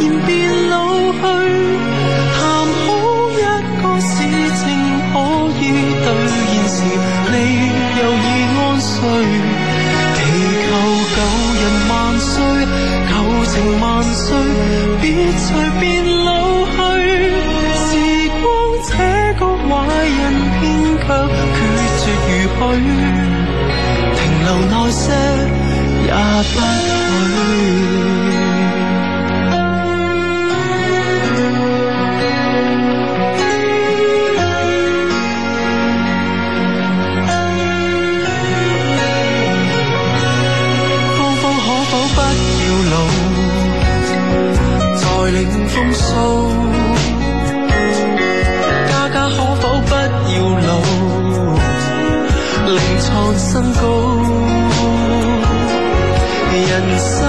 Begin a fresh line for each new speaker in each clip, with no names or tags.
便變老去，談好一個事情可以兌現時，你又已安睡，祈求舊人萬歲，舊情萬歲，別隨便老去。時光這個壞人，偏卻決絕絕如許，停留耐些也不許。另創新高。人生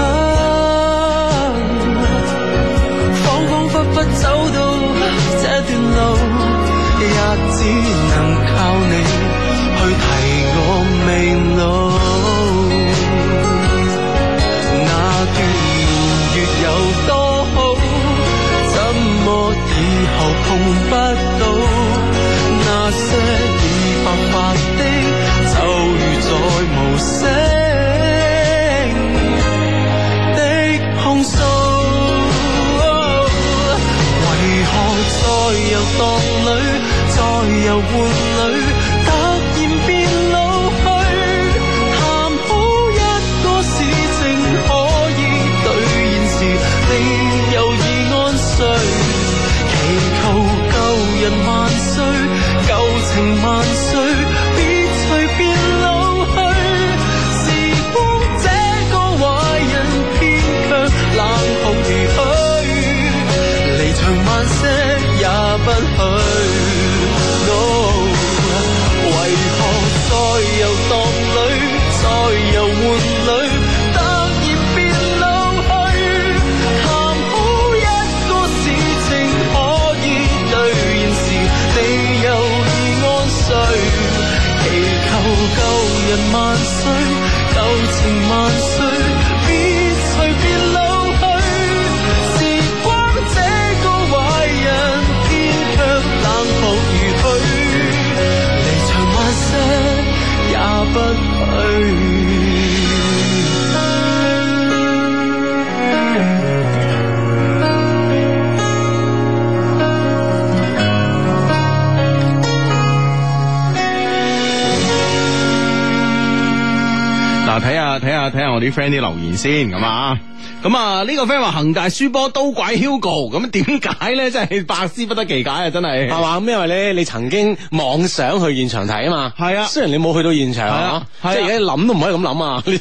friend 啲留言先咁啊！啊，這個、呢個 friend 話恆大輸波都怪 Hugo，咁點解咧？真係百思不得其解啊！真係係嘛？咁因為咧，你曾經妄想去現場睇啊嘛。係對啊，雖然你冇去到現場，即係而家諗都唔可以咁諗啊！ 你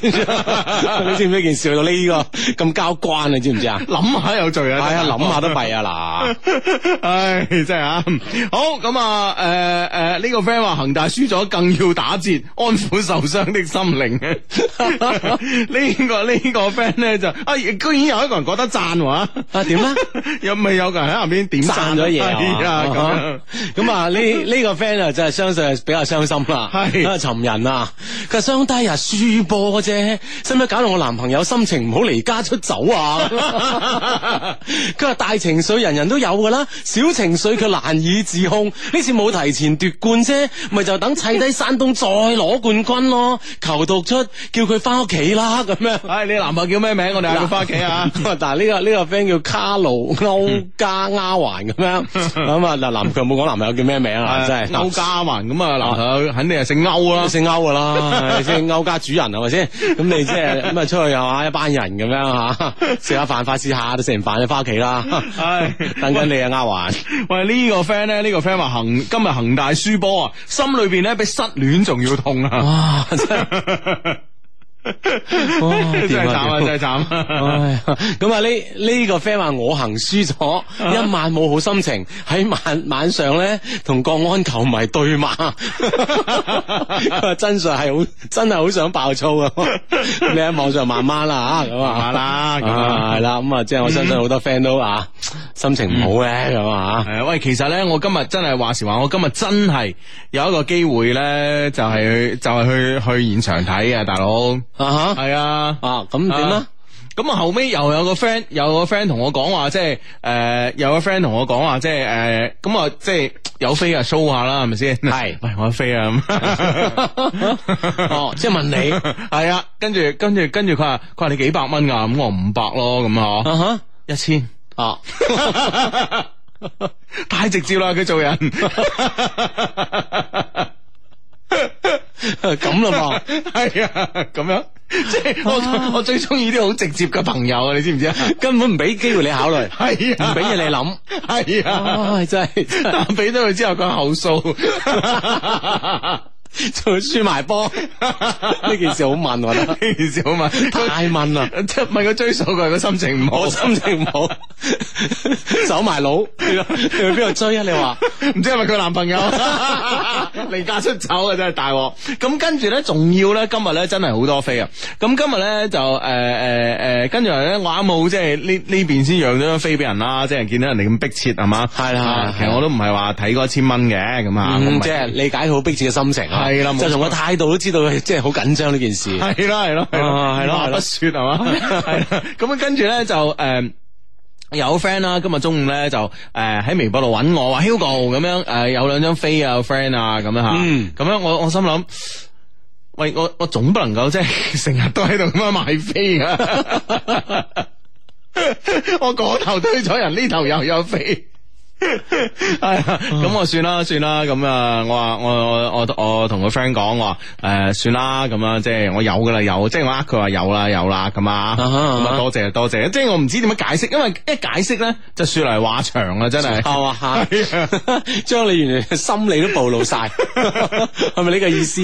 知唔知呢件事去到呢個咁交關？ 你知唔知啊？諗 下有罪啊！係 啊，諗下都弊啊嗱！ 唉，真係啊！好咁啊！誒、呃、誒，呢、這個 friend 話恆大輸咗，更要打折安撫受傷的心靈。 這個這個、呢個呢個 friend 咧就啊，居然。有一個人覺得讚哇，啊點咧？又咪有個人喺下邊點讚咗嘢？咁咁啊，呢呢個 friend 啊，真係相信係比較傷心啦。係啊，尋人啊，佢話雙低啊，輸波啫，使唔使搞到我男朋友心情唔好，離家出走啊？佢話大情緒人人都有噶啦，小情緒佢難以自控。呢次冇提前奪冠啫，咪就等砌低山東再攞冠軍咯。求讀出，叫佢翻屋企啦。咁樣，唉，你男朋友叫咩名？我哋叫佢翻屋企啊？ 但係呢個呢個 friend 叫卡路歐家丫鬟咁樣，咁啊嗱，林強冇講男朋友叫咩名啊？真係是歐、呃、家環咁啊，男朋友肯定係姓歐啦，啊、姓歐噶啦， 姓歐家主人係咪先？咁你即係咁啊，出去又話一班人咁樣吓，食下飯快試下，到食完飯就翻屋企啦。
唉，等
緊你啊，丫鬟。喂，這個、呢、這個 friend 咧，呢個 friend 話恒今日恒大輸波啊，心裏邊咧比失戀仲要痛啊！哇，真係。真係慘、哎、啊！真係慘啊！咁啊，呢呢個 friend 話我行輸咗一晚，冇好心情，喺晚晚上咧同國安球迷對罵， 真相係好真係好想爆粗 啊！你喺網上慢慢啦，咁啊啦，咁啊係啦，咁啊即係我相信好多 friend 都啊心情唔好咧，咁啊吓。喂，其實咧，我今日真係話時話，我今日真係有一個機會咧、就係，就係、係、就係、係、去去現場睇啊，大佬。啊吓，係啊，啊咁點啊？咁啊後尾又有個 friend，有個 friend 同我講話，即係誒，有個 friend 同我講話，即係誒，咁啊，即係有飛啊 show 下啦，係咪先？係，喂，我飛啊，哦，即係問你，係啊，跟住跟住跟住佢話佢話你幾百蚊啊？咁我五百咯，咁啊，一千，啊，太直接啦，佢做人。咁啦嘛，係 啊，咁樣，
即係我、 啊、
我最中意啲好直接嘅朋友啊，你知唔知啊？ 根本唔俾機會你考慮，係 啊，唔俾嘢你諗，係啊，真係，真 但俾咗佢之後佢後數。 就輸埋波，呢件事好問，呢件事好問，太問啦，即係問佢追數佢個心情唔好，心情唔好，走埋佬，去邊度追啊？你話唔知係咪佢男朋友離家出走啊？真係大鑊！咁跟住咧，仲要咧，今日咧真係好多飛啊！咁今日咧就誒誒誒，跟住咧我阿母即係呢呢邊先讓咗張飛俾人啦，即係見到人哋咁逼切係嘛，係啦，其實我都唔係話睇嗰千蚊嘅咁啊，即係理解好逼切嘅心情啊！係啦，就從個態度都知道，即係好緊張呢件事。係啦，係咯，係咯，話不算係嘛。係啦，咁啊，跟住咧就誒、呃、有 friend 啦、啊，今日中午咧就誒喺、呃、微博度揾我話 Hugo 咁樣誒、呃，有兩張飛啊，friend 啊，咁樣吓。咁、嗯、樣我我心諗，喂，我我總不能夠即係成日都喺度咁樣賣飛啊！ 我嗰頭推咗人，呢頭又有飛。係啊，咁我算啦，算啦，咁啊，我話我我我同個 friend 講，我話誒，算啦，咁樣即係我有噶啦，有，即係我呃佢話有啦，有啦，咁啊，咁啊，多謝多謝，即係我唔知點樣解釋，因為一解釋咧就說嚟話長啊，真係，係將你原來嘅心理都暴露晒，係咪呢個意思？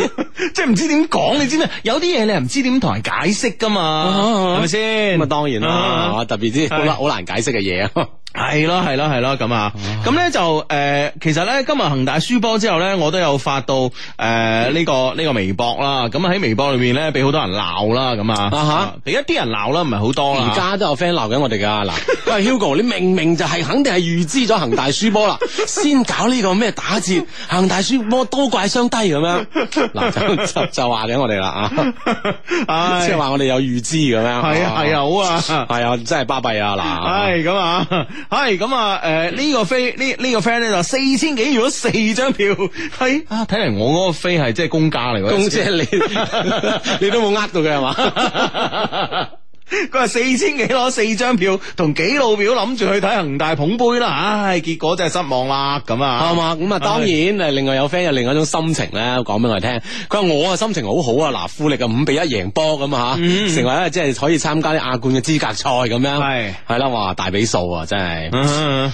即係唔知點講，你知咩？有啲嘢你係唔知點同人解釋噶嘛，係咪先？咁啊，當然啦，特別之好難好難解釋嘅嘢啊。係咯係咯係咯咁啊！咁咧就誒，其實咧今日恆大輸波之後咧，我都有發到誒、呃、呢個呢個微博啦。咁喺微博裏面咧，俾好多人鬧啦咁啊！俾、啊、一啲人鬧啦，唔係好多啦。而家都有 friend 鬧緊我哋噶嗱，喂、啊啊啊、Hugo， 你明明就係肯定係預知咗恆大輸波啦，先搞呢個咩打折？恆大輸波多怪雙低咁樣嗱、啊啊，就就就話緊我哋啦啊！即係話我哋有預知咁樣，係啊係啊好啊係啊真係巴閉啊嗱，係咁啊。係咁啊！誒、嗯、呢、這個飛呢呢個 friend 咧就四千幾，如果四張票係啊，睇嚟我嗰個飛係即係公價嚟，恭喜你， 你都冇呃到佢係嘛。 佢話四千幾攞四張票，同幾老表諗住去睇恒大捧杯啦，唉，結果真係失望啦，咁啊，係嘛，咁、嗯、啊，當然，誒是，另外有 friend 有另外一種心情咧，講俾我哋聽，佢話我啊心情好好啊，嗱，富力嘅五比一贏波咁啊吓，嗯、成為咧即係可以參加啲亞冠嘅資格賽咁樣，係是，係啦，哇，大比數啊，真係。啊.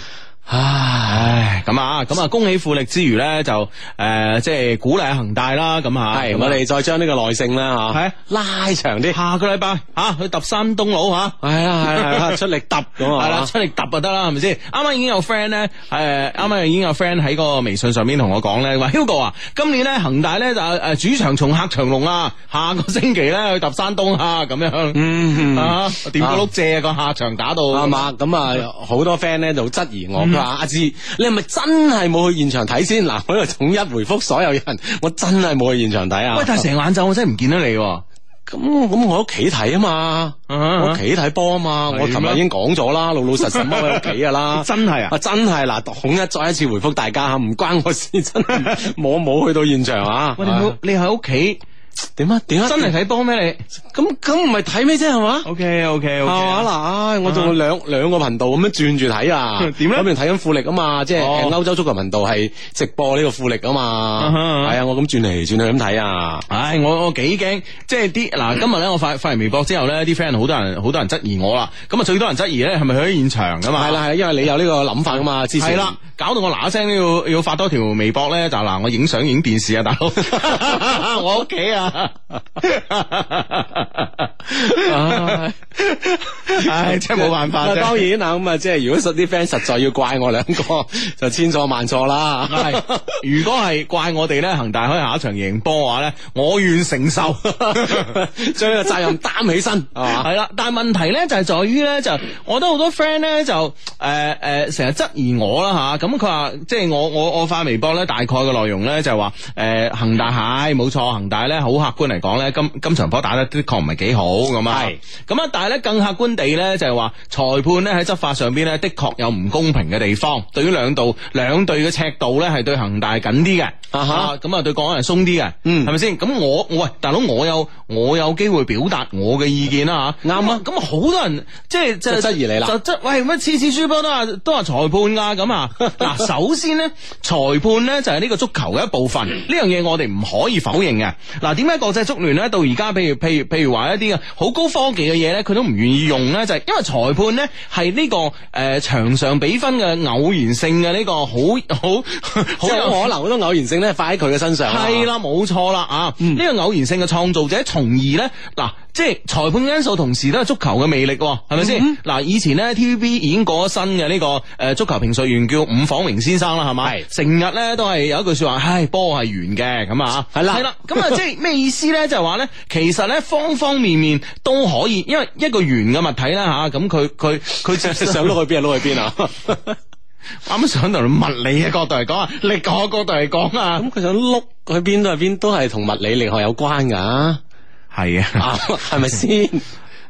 唉，咁啊，咁啊，恭喜富力之餘咧，就誒，即係鼓勵恒大啦，咁啊，我哋再將呢個耐性啦，吓，係拉長啲。下個禮拜吓去揼山東佬吓，係啊，係啊，出力揼，係啦，出力揼就得啦，係咪先？啱啱已經有 friend 咧，誒，啱啱已經有 friend 喺個微信上面同我講咧，話 Hugo 啊，今年咧恒大咧就誒主場蟲客場龍啦，下個星期咧去揼山東啊，咁樣，啊，掂到碌蔗個客場打到，啊嘛，咁啊好多 friend 咧就質疑我。話阿志，你係咪真係冇去現場睇先？嗱、啊，我呢度統一回複所有人，我真係冇去現場睇啊！喂，但係成晚罩，我真係唔見到你。咁咁，我屋企睇啊嘛，嗎我屋企睇波啊嘛，我琴日已經講咗啦，老老實實踎喺屋企噶啦。 真係啊，啊！真係嗱，統、啊、一再一次回複大家吓，唔關我事真，我冇 去到現場啊。啊喂，你喺屋企。 點啊？點啊？真係睇波咩？你咁，咁唔係睇咩啫係嘛？O K O K O K 嗱，我仲有兩兩個頻道咁樣轉住睇啊點咧？咁樣睇緊富力啊嘛，即係歐洲足球頻道係直播呢個富力啊嘛，係啊，我咁轉嚟轉去咁睇啊！唉、啊哎、我我幾驚即係啲嗱，今日咧我發發完微博之後咧啲 friend 好多人好多人質疑我啦，咁啊最多人質疑咧係咪去咗現場噶嘛、啊？係啦，係，因為你有呢個諗法噶嘛、啊啊、之前係啦、啊，搞到我嗱聲要要發多條微博咧就嗱，我影相影電視啊大
佬，我屋企啊。
唉，即係冇辦法。當然啦，咁啊，即係如果實啲 friend 實在要怪我兩個，就千錯萬錯啦。如果係怪我哋咧，恆大開下一場贏波嘅話咧，我願承受，將 呢個責任擔起身，係係啦，但係問題咧就係在於咧，呃呃啊，就是，我都好多 friend 咧就誒誒成日質疑我啦吓。咁佢話即係我我我發微博咧，大概嘅內容咧就話誒恆大係冇錯，恆大咧好。好客觀嚟講咧，今今場波打得的確唔係幾好咁啊。係咁啊，是但係咧更客觀地咧，就係話裁判咧喺執法上邊咧的確有唔公平嘅地方。對於兩隊兩隊嘅尺度咧，係、啊哈啊、對恒大緊啲嘅，啊咁啊對國安係鬆啲嘅，嗯，係咪先？咁我喂，大佬，我有我有機會表達我嘅意見啦吓，啱、嗯、啊。咁好多人即係即係質疑你啦，就質喂乜次次輸波都話都話裁判啊咁啊嗱。 首先咧，裁判咧就係呢個足球嘅一部分，呢樣嘢我哋唔可以否認嘅嗱。點解國際足聯咧到而家，譬如譬如譬如話一啲嘅好高科技嘅嘢咧，佢都唔願意用咧，就係、是、因為裁判咧係呢個誒、呃、場上比分嘅偶然性嘅呢、這個好好好有可能好多偶然性咧，發喺佢嘅身上。係啦，冇錯啦啊，呢、嗯啊這個偶然性嘅創造者呢，從而咧嗱。即係裁判因素，同時都係足球嘅魅力，係咪先？嗱、嗯嗯，以前咧 TVB 已經過咗身嘅呢個誒足球評述員叫伍晃榮先生啦，係咪？成日咧都係有一句說話，唉、哎，波係圓嘅咁啊，係啦，係啦了。咁啊，即係咩意思咧？就係話咧，其實咧方方面面都可以，因為一個圓嘅物體啦吓，咁佢佢佢想碌去邊就碌去邊啊。啱啱上頭物理嘅角度嚟講啊，力學角度嚟講啊，咁佢 想碌去邊都係邊，都係同物理力學有關噶。係啊，係咪先？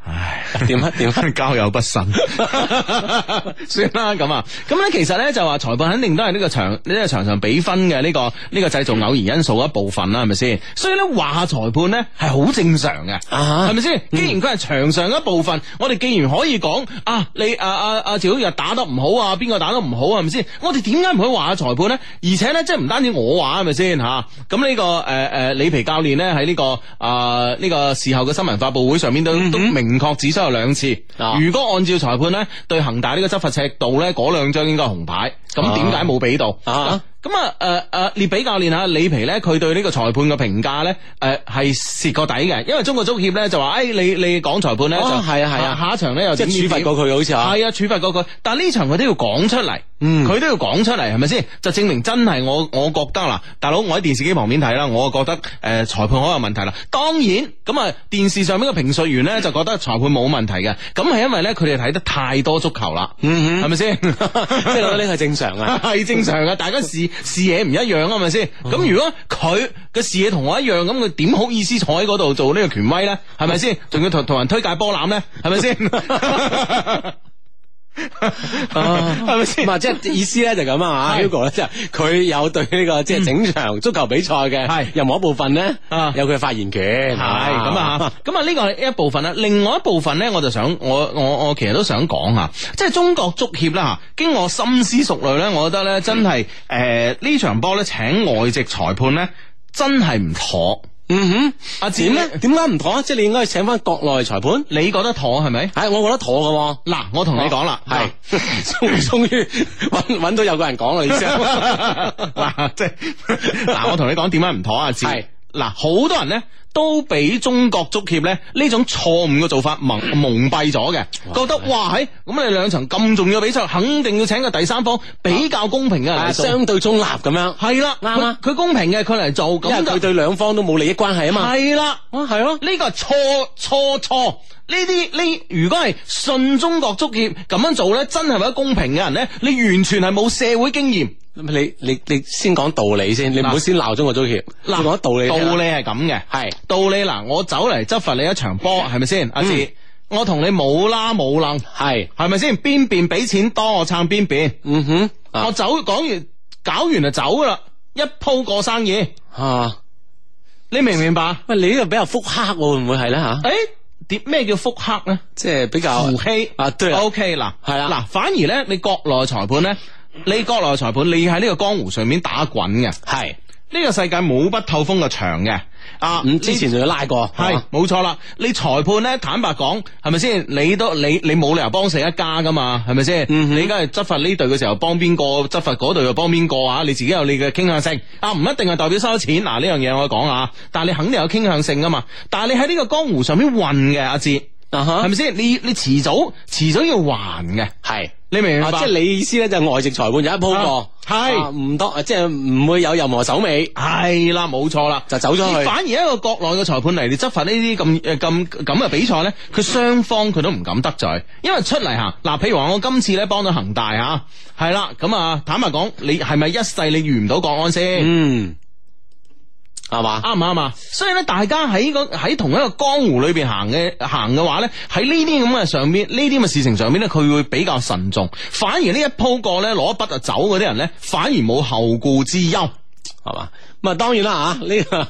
唉，點翻點交友不慎， 算啦咁啊！咁咧，其實咧就話裁判肯定都係呢個場呢、這個場上比分嘅呢，這個呢個製造偶然因素一部分啦，係咪先？所以咧話下裁判咧係好正常嘅，係咪先？既然佢係場上一部分，我哋既然可以講，嗯、啊，你啊啊啊趙旭日打得唔好啊，邊個打得唔好係咪先？我哋點解唔去話下裁判呢？而且呢，即係唔單止我話係咪先吓？咁呢，這個誒誒里皮教練呢、這個，喺呢個啊呢個事後嘅新聞發佈會上面都都明。唔確，只需要兩次。啊、如果按照裁判咧，對恒大呢個執法尺度咧，嗰兩張應該係紅牌，咁點解冇俾到？啊啊咁啊，誒誒、呃呃，列比教練下李皮咧，佢對呢個裁判嘅評價咧，誒係蝕個底嘅，因為中國足協咧就話，誒、哎、你你講裁判咧就係啊係啊，啊下一場咧又即係處罰過佢好似啊，係啊處罰過佢，但呢場佢都要講出嚟，佢、嗯、都要講出嚟係咪先？就證明真係我我覺得嗱，大佬我喺電視機旁邊睇啦，我覺得誒、呃、裁判可能有問題啦。當然咁啊、嗯，電視上面嘅評述員咧就覺得裁判冇問題嘅，咁、就、係、是、因為咧佢哋睇得太多足球啦，嗯係咪先？吧 即係呢個係正常啊，係 正常嘅。大家嗰 視野唔一樣啊，係咪先？咁、嗯、如果佢嘅視野同我一樣，咁佢點好意思坐喺嗰度做呢個權威咧？係咪先？仲、嗯、要同同人推介波纜咧？係咪先？ 係咪先？嘛、啊，即係意思咧就咁是啊，哈！Ugo 咧，即係佢有對呢、這個即係、就是、整場足球比賽嘅任何一部分咧，嗯、有佢嘅發言權，係咁是啊，咁啊呢、嗯啊、個一部分啦，另外一部分咧，我就想我我我，我其實都想講、就是、啊，即係中國足協啦吓，經過我深思熟慮咧，我覺得咧真係誒呢場波咧請外籍裁判咧真係唔妥。嗯哼，阿展咧，點解唔妥啊？即係你應該請翻國內裁判，你覺得妥係咪？係、哎，我覺得妥噶。嗱，我同你講啦，係終於揾揾到有個人講啦，你知啦，嗱，即
係
嗱，我同你講，點解唔妥啊？展？嗱，好多人呢都俾中國足協咧呢種錯誤嘅做法蒙蒙蔽咗嘅，哇覺得哇咁，哎、你兩場咁重要比賽，肯定要請個第三方比較公平嘅人，啊、相對中立咁，啊、樣。係啦了，啱佢公平嘅，佢嚟做咁就佢對兩方都冇利益關係啊嘛。係啦，啊，啊呢個係錯錯錯，呢啲呢如果係信中國足協咁樣做呢，真係為咗公平嘅人呢，你完全係冇社會經驗。你你你先講道理先，你唔好先鬧咗我足協。嗱，講道理，道理係咁嘅，係道理嗱，我走嚟執法你一場波，係咪先？阿志，我同你冇啦冇楞，係係咪先？邊邊俾錢多，我撐邊邊。嗯哼，我走講完，搞完就走啦，一鋪過生意。吓，你明唔明白？喂，你呢個比較腹黑，會唔會係咧吓？誒，點咩叫腹黑咧？即係比較浮欺啊？對，OK，嗱，係啊，嗱，反而咧，你國內裁判咧。你國內裁判，你喺呢個江湖上面打滾嘅是，係呢個世界冇不透風嘅牆嘅。啊，之前仲要拉過，係冇錯啦。你裁判咧，坦白講，係咪先？你都你你冇理由幫成一家噶嘛，係咪先？嗯、哼你而家係執法呢隊嘅時候幫，幫邊個？執法嗰隊又幫邊個啊？你自己有你嘅傾向性啊，唔一定係代表收咗錢。嗱，呢樣嘢我講啊，下但係你肯定有傾向性噶嘛。但係你喺呢個江湖上面混嘅，阿志，啊係咪先？你你遲早遲早要還嘅，係。你明唔明啊？即係你意思咧，就外籍裁判有一鋪過，係唔、啊啊、多，即係唔會有任何手尾，係啦，冇錯啦，就走咗。反而一個國內嘅裁判嚟，你執法呢啲咁誒咁咁嘅比賽咧，佢雙方佢都唔敢得罪，因為出嚟吓嗱，譬如話我今次咧幫到恒大吓，係、啊、啦，咁啊，坦白講，你係咪一世你遇唔到國安先？嗯係嘛，啱唔啱啊？所以咧，大家喺個喺同一個江湖裏邊行嘅行嘅話咧，喺呢啲咁嘅上邊，呢啲嘅事情上邊咧，佢會比較慎重。反而呢一鋪過咧，攞一筆就走嗰啲人咧，反而冇後顧之憂，係嘛？咁啊，當然啦啊，呢個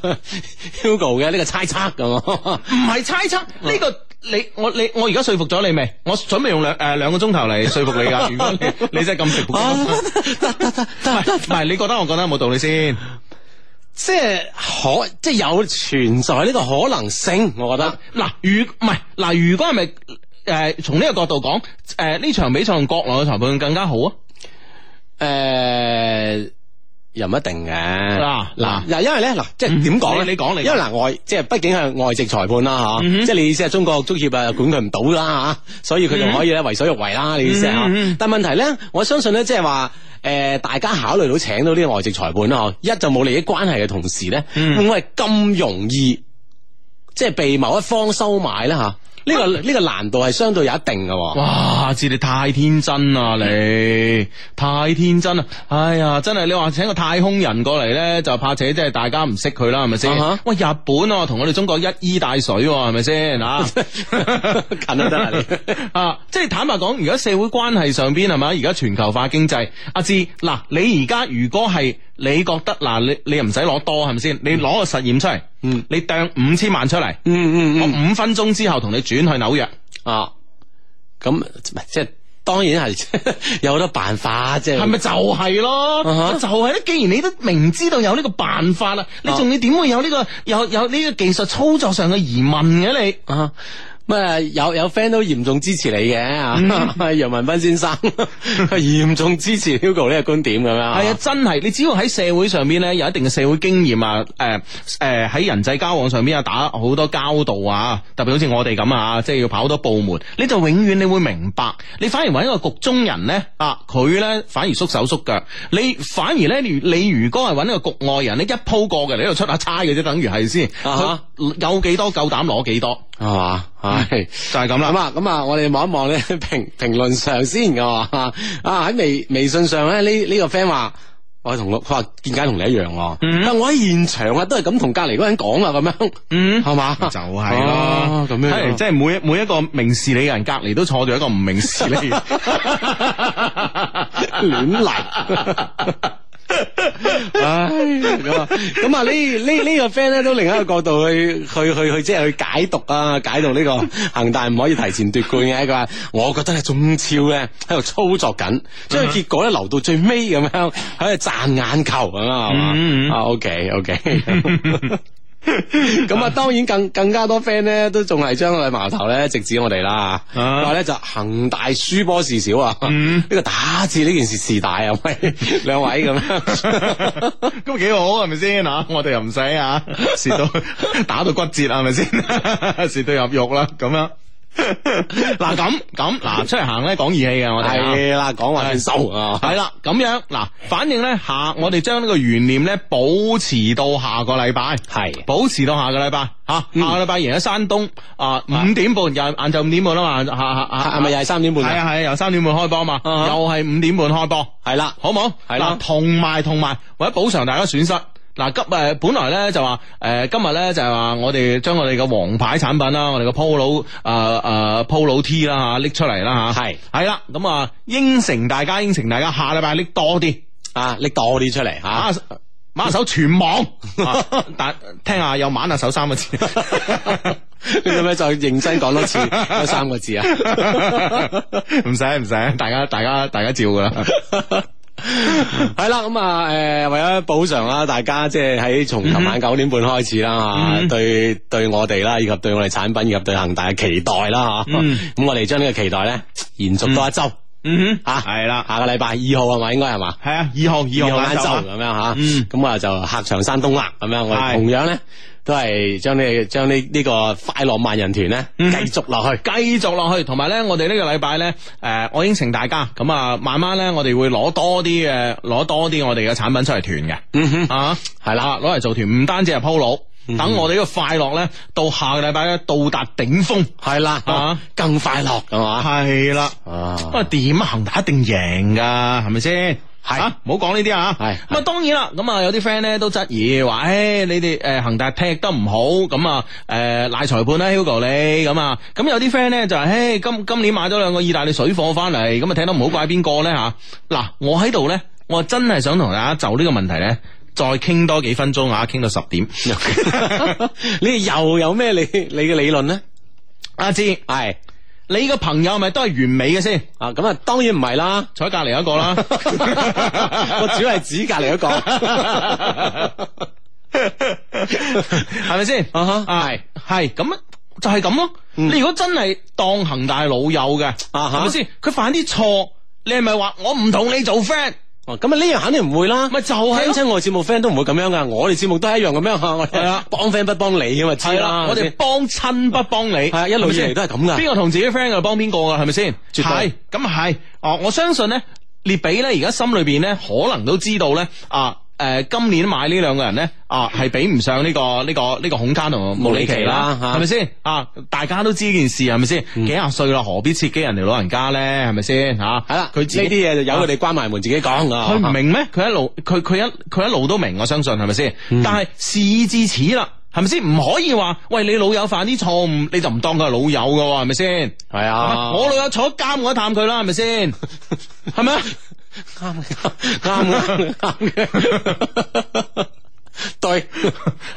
Hugo 嘅呢個猜測咁，唔係猜測。呢個你我你我而家說服咗你未？我準備用兩誒兩個鐘頭嚟說服你噶，你真係咁誠。唔係唔係，你覺得我講得有冇道理先？即係可，即係有存在呢個可能性，我覺得。嗱、啊，如唔係，嗱，如果係咪，誒、呃，從呢個角度講，誒、呃，呢場比賽國內嘅裁判更加好啊，誒、呃。又唔一定嘅嗱嗱嗱，因為咧嗱，即係點講咧？你講嚟，你因為嗱外，即係畢竟係外籍裁判啦，吓、嗯哼，即係你意思係中國足協啊管佢唔到啦，吓、嗯哼，所以佢就可以咧為所欲為啦，你意思係、嗯、哼但係問題咧，我相信咧，即係話誒，大家考慮到請到啲外籍裁判啦，一就冇利益關係嘅同時咧，嗯、哼會唔會係咁容易即係被某一方收買咧？吓？呢、個難度係相對有一定㗎喎。哇！阿志，你太天真啦，你太天真啦。哎呀，真係你話請個太空人過嚟咧，就怕且即係大家唔識佢啦，係咪先？Uh huh. 喂，日本啊，同我哋中國一衣帶水，係咪先？吓 了，近啊得。 啊，即係坦白講，而家社會關係上邊係咪？而家全球化經濟，阿志嗱，你而家如果係。你覺得嗱，你你唔使攞多係咪先？你攞個實驗出嚟，嗯，你掟五千萬出嚟，嗯，嗯嗯我五分鐘之後同你轉去紐約啊，咁唔即係當然係 有好多辦法，啫，係係咪就係咯？啊、哈就係、是、咧，既然你都明知道有呢個辦法啦，啊、哈你仲要點會有呢、呢個有有呢個技術操作上嘅疑問嘅你啊？咩有有 friend 都嚴重支持你嘅、嗯、啊？楊 文斌先生係嚴 重支持 Hugo 呢個觀點咁樣。係啊，真係你只要喺社會上邊咧，有一定嘅社會經驗啊，誒誒喺人際交往上邊啊，打好多交道啊，特別好似我哋咁啊，即係要跑好多部門，你就永遠你會明白，你反而揾一個局中人咧啊，佢咧反而縮手縮腳，你反而咧如你，你如果係揾一個局外人，你一鋪過嘅，你喺度出下差嘅啫，等於係先、啊、哈 有幾多夠膽攞幾多。
係嘛，係
就係咁啦，咁啊、嗯，咁啊，我哋望一望咧評評論上先，係啊，喺微微信上咧，呢、這、呢個 friend 話，我同佢話見解同你一樣喎，嗯、但我喺現場啊，都係咁同隔籬嗰人講啊，咁樣，嗯，係嘛，就係咯，咁樣，即係每每一個明事理嘅人，隔籬都坐咗一個唔明事理
嘅，亂嚟。
咁 啊，呢呢呢個 friend 咧都另一個角度去去去去，即係去解讀啊，解讀呢個恒大唔可以提前奪冠嘅，佢話我覺得係中超咧喺度操作緊，將個結果咧留到最尾咁樣喺度賺眼球咁啊嘛，OK OK。嗯嗯 咁 啊，當然更更加多 friend 咧，都仲係將個矛頭咧，直指我哋啦。話咧、啊、就恒、是、大輸波事小啊，呢、嗯、個打字呢件事事大是是 是是啊，喂，兩位咁，咁幾好係咪先啊？我哋又唔使啊，蝕到打到骨折係咪先？蝕 到入獄啦咁樣。嗱，咁咁，嗱出嚟行咧，講義氣嘅，我哋係啦，講話收啊，係啦，咁樣。嗱，反應咧下，我哋將呢個懸念咧保持到下個禮拜係的保持到下個禮拜吓、嗯、下個禮拜完喺山東啊五、呃、點半日晏晝五點半啦嘛吓吓係咪又係三點半？係啊係啊由三點半開播啊嘛又係五點半開播係啦，好冇？係啦，同埋同埋為咗補償大家損失。嗱，今誒本來咧就話，誒今日咧就係話我哋將我哋嘅王牌產品啦，我哋嘅 Polo 誒誒 Polo T 啦吓，拎出嚟啦，係係啦，咁啊應承大家，應承大家下，下禮拜拎多啲啊，拎多啲出嚟吓、啊啊，買一手全網，但、 啊、聽下有晚下手三個字， 你可唔可以再認真講多次， 三個字啊？唔使唔使，大家大家大家照噶啦。啊係啦，咁啊，誒，為咗補償啦，大家即係喺從琴晚九點半開始啦，吓、mm hmm。對對我哋啦，以及對我哋產品以及對恒大嘅期待啦，吓、mm，咁、hmm。 我哋將呢個期待咧延續多一周。Mm hmm. 嗯哼，吓係啦，的下個禮拜二號係嘛？應該係嘛？係週啊，二號二號晏晝咁樣吓，咁啊就客場山東啦，咁樣我同樣咧都係將呢將呢呢個快樂萬人團咧繼續落去，繼、嗯、續落去，同埋咧我哋呢個禮拜咧，誒，我，、呃、我應承大家，咁啊，慢慢咧我哋會攞多啲嘅，攞多啲我哋嘅產品出嚟團嘅，嗯哼，啊係啦，攞嚟的、啊、做團，唔單止係鋪路。等 我哋呢個快樂咧，到下個禮拜咧到達頂峰，係啦、嗯，更快樂係嘛，係啦、嗯，不過點恒大一定贏噶，係咪先？係唔好講呢啲啊，係咁是啊，當然啦，咁啊有啲 friend 咧都質疑話，誒，你哋誒恒大踢得唔好，咁啊誒賴裁判啦，Hugo 你咁啊，咁有啲 friend 咧就話，誒今今年買咗兩個意大利水貨翻嚟，咁啊踢得唔好，怪邊個咧吓？嗱，我喺度咧，我真係想同大家就呢個問題咧。再傾多幾分鐘啊，傾到十點。 你又有咩理？你嘅理論咧？阿志、啊，係你個朋友咪都係完美嘅先啊？咁啊，當然唔係啦，坐喺隔離一個啦。 我主要係指隔離一個，係咪先？係係咁啊，huh. 就係咁咯。嗯、你如果真係當恒大老友嘅，咪先佢犯啲錯，你係咪話我唔同你做 friend？哦，咁啊呢樣肯定唔會啦，咪就係聽親我哋節目 friend 都唔會咁樣噶，我哋節目都係一樣咁樣吓，係啦幫 friend 不幫你咁啊，係啦了我哋幫親不幫你，係一路以嚟都係咁噶，邊個同自己 friend 就幫邊個噶，係咪先？係咁係，哦我相信咧，列比咧而家心裏邊咧可能都知道咧啊。誒，今年買呢兩個人咧，啊，係比唔上呢、這個呢、這個呢、這個孔卡同穆里奇無啦，係咪先？啊，大家都知件事，係咪先？是是嗯、幾廿歲啦，何必刺激人哋老人家咧？係咪先？吓係啦，佢自己呢啲嘢就由佢哋關埋門自己講。佢唔、啊、明咩？佢、啊、一路佢佢一佢一,一路都明，我相信係咪先？嗯、但係事至此啦，係咪先？唔可以話喂你老友犯啲錯誤，你就唔當佢係老友噶，係咪先？係啊， 我老友坐監，我一探佢啦，係咪先？係咪啊？啱啱，啱啱，啱嘅，對，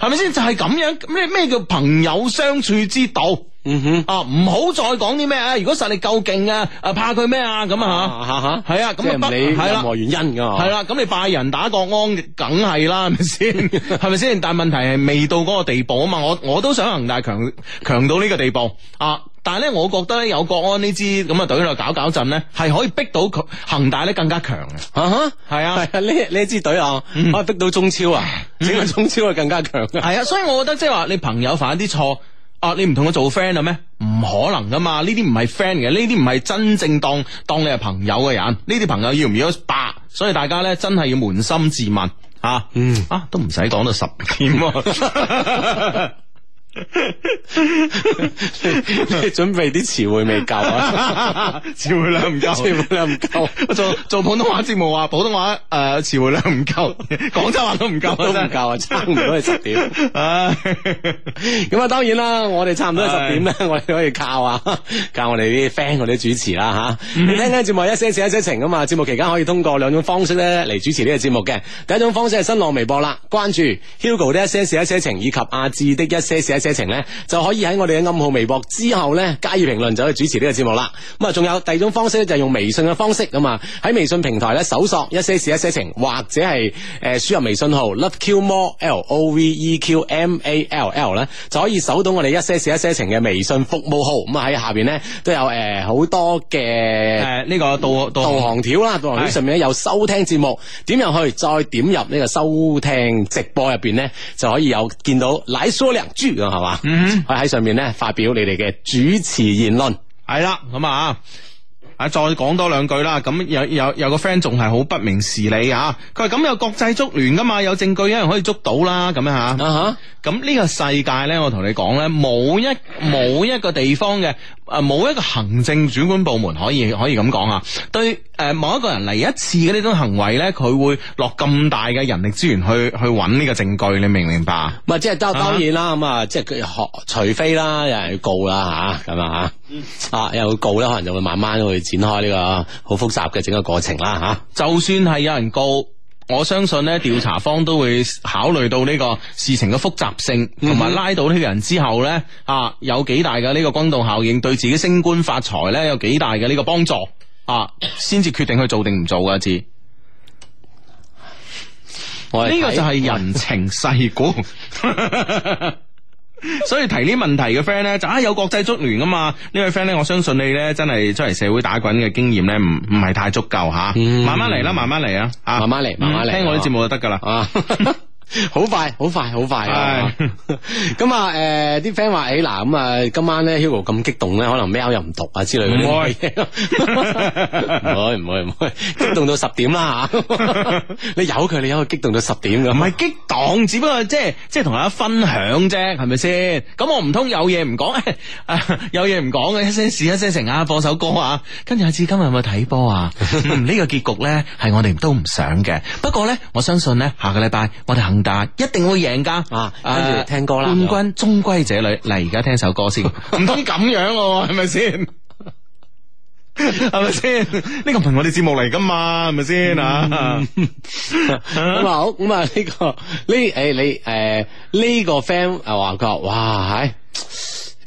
係咪先？就係、是、咁樣，咩咩叫朋友相處之道？嗯哼，啊，唔好再講啲咩啊！如果實力夠勁啊，啊，怕佢咩啊？咁啊吓，吓吓，係啊，咁啊唔係啦，原因噶，係啦，咁你拜仁打國安梗係啦，係咪先？係咪先？但係問題係未到嗰個地步啊嘛，我我都想恒大強強到呢個地步啊！但係咧，我覺得咧有國安呢支咁嘅隊喺度搞搞震咧，係可以逼到佢恒大咧更加強啊！係啊，係啊，呢呢支隊啊，可以逼到中超啊，整個中超啊更加強啊！係啊，所以我覺得即係話你朋友犯一啲錯。啊！你唔同我做 friend 啊？咩？唔可能㗎嘛！呢啲唔係 friend 嘅，呢啲唔係真正當當你係朋友嘅人，呢啲朋友要唔要一八？所以大家咧真係要捫心自問啊！嗯、啊，都唔使講到十點，啊。 你準備啲詞彙未夠啊，詞 彙量唔夠，詞彙量唔夠。做做普通話節目話普通話誒詞彙量唔夠，廣州話都唔夠啊， 都唔夠啊，差唔多係十點。咁 啊， 當然啦，我哋差唔多係十點咧，的 我哋可以靠啊靠我哋啲 friend 我哋主持啦吓。Mm hmm. 你聽緊節目一些事一些情啊嘛，節目期間可以通過兩種方式咧嚟，主持呢個節目嘅。第一種方式係新浪微博啦，關注 Hugo 的一些事一些情以及阿志的一些事一些。些情咧就可以喺我哋嘅暗號微博之後咧，加以評論，就可以主持呢個節目啦。咁啊，仲有第二種方式咧就係用微信嘅方式，咁啊，喺微信平台咧搜索一些事一些情，或者係誒輸入微信號 loveqmall loveqmall 咧就可以搜到我哋一些事一些情嘅微信服務號。咁啊喺下邊咧都有誒好多嘅誒呢個導導航條啦，導航條上面咧有收聽節目，點入去再點入呢個收聽直播入邊咧就可以有見到奶蘇靚豬。係嘛？喺喺上面咧發表你哋嘅主持言論，係啦。咁啊，啊再講多兩句啦。咁有有有個 friend 仲係好不明事理啊。佢話咁有國際足聯噶嘛，有證據一樣可以捉到啦。咁樣吓，咁呢個世界咧，我同你講咧，冇一冇一個地方嘅。誒，冇一個行政主管部門可以可以咁講啊，對誒、呃，某一個人嚟一次嘅呢種行為咧，佢會落咁大嘅人力資源去去揾呢個證據，你明唔明白？唔即係當當然啦，咁啊吧，即係學除非啦，有人要告啦吓，咁啊吓，啊又、啊、告咧，可能就會慢慢去展開呢個好複雜嘅整個過程啦吓。啊、就算係有人告。我相信咧，調查方都會考慮到呢個事情嘅複雜性，同埋拉到呢個人之後呢啊，有幾大嘅呢個轟動效應，對自己升官發財呢有幾大嘅呢個幫助啊，先至決定去做定唔做嘅字。呢個就係人情世故。 所以提呢啲問題嘅 friend 咧，就啊有國際足聯噶嘛，呢位 friend 咧，我相信你咧真係出嚟社會打滾嘅經驗咧，唔唔係太足夠吓、啊嗯，慢慢嚟啦、啊，慢慢嚟、嗯、啊，啊慢慢嚟，慢慢嚟，聽我啲節目就得噶啦。好快，好快，好快啊！咁啊、哎，誒，啲 friend 話，誒，嗱，咁啊，今晚咧，Hugo 咁激動咧，可能喵又唔讀啊之類。唔會，唔會， 唔會，激動到十點啦吓！ 你由佢，你由佢，激動到十點咁。唔係激動，只不過即係即係同大家分享啫，係咪先？咁我唔通有嘢唔講，有嘢唔講嘅一聲試一聲成啊！放首歌啊！跟住阿志今日有冇睇波啊？呢個結局咧係我哋都唔想嘅。不過咧，我相信咧，下個禮拜我哋肯。一定會贏噶，啊，跟住聽歌啦。冠軍終歸這裏，嚟而家聽首歌先。唔通咁樣喎，係咪先？係咪先？呢個唔係我哋節目嚟噶嘛，係咪先啊？咁啊好，咁啊呢個呢？誒，你誒呢個 friend 話佢，哇，係。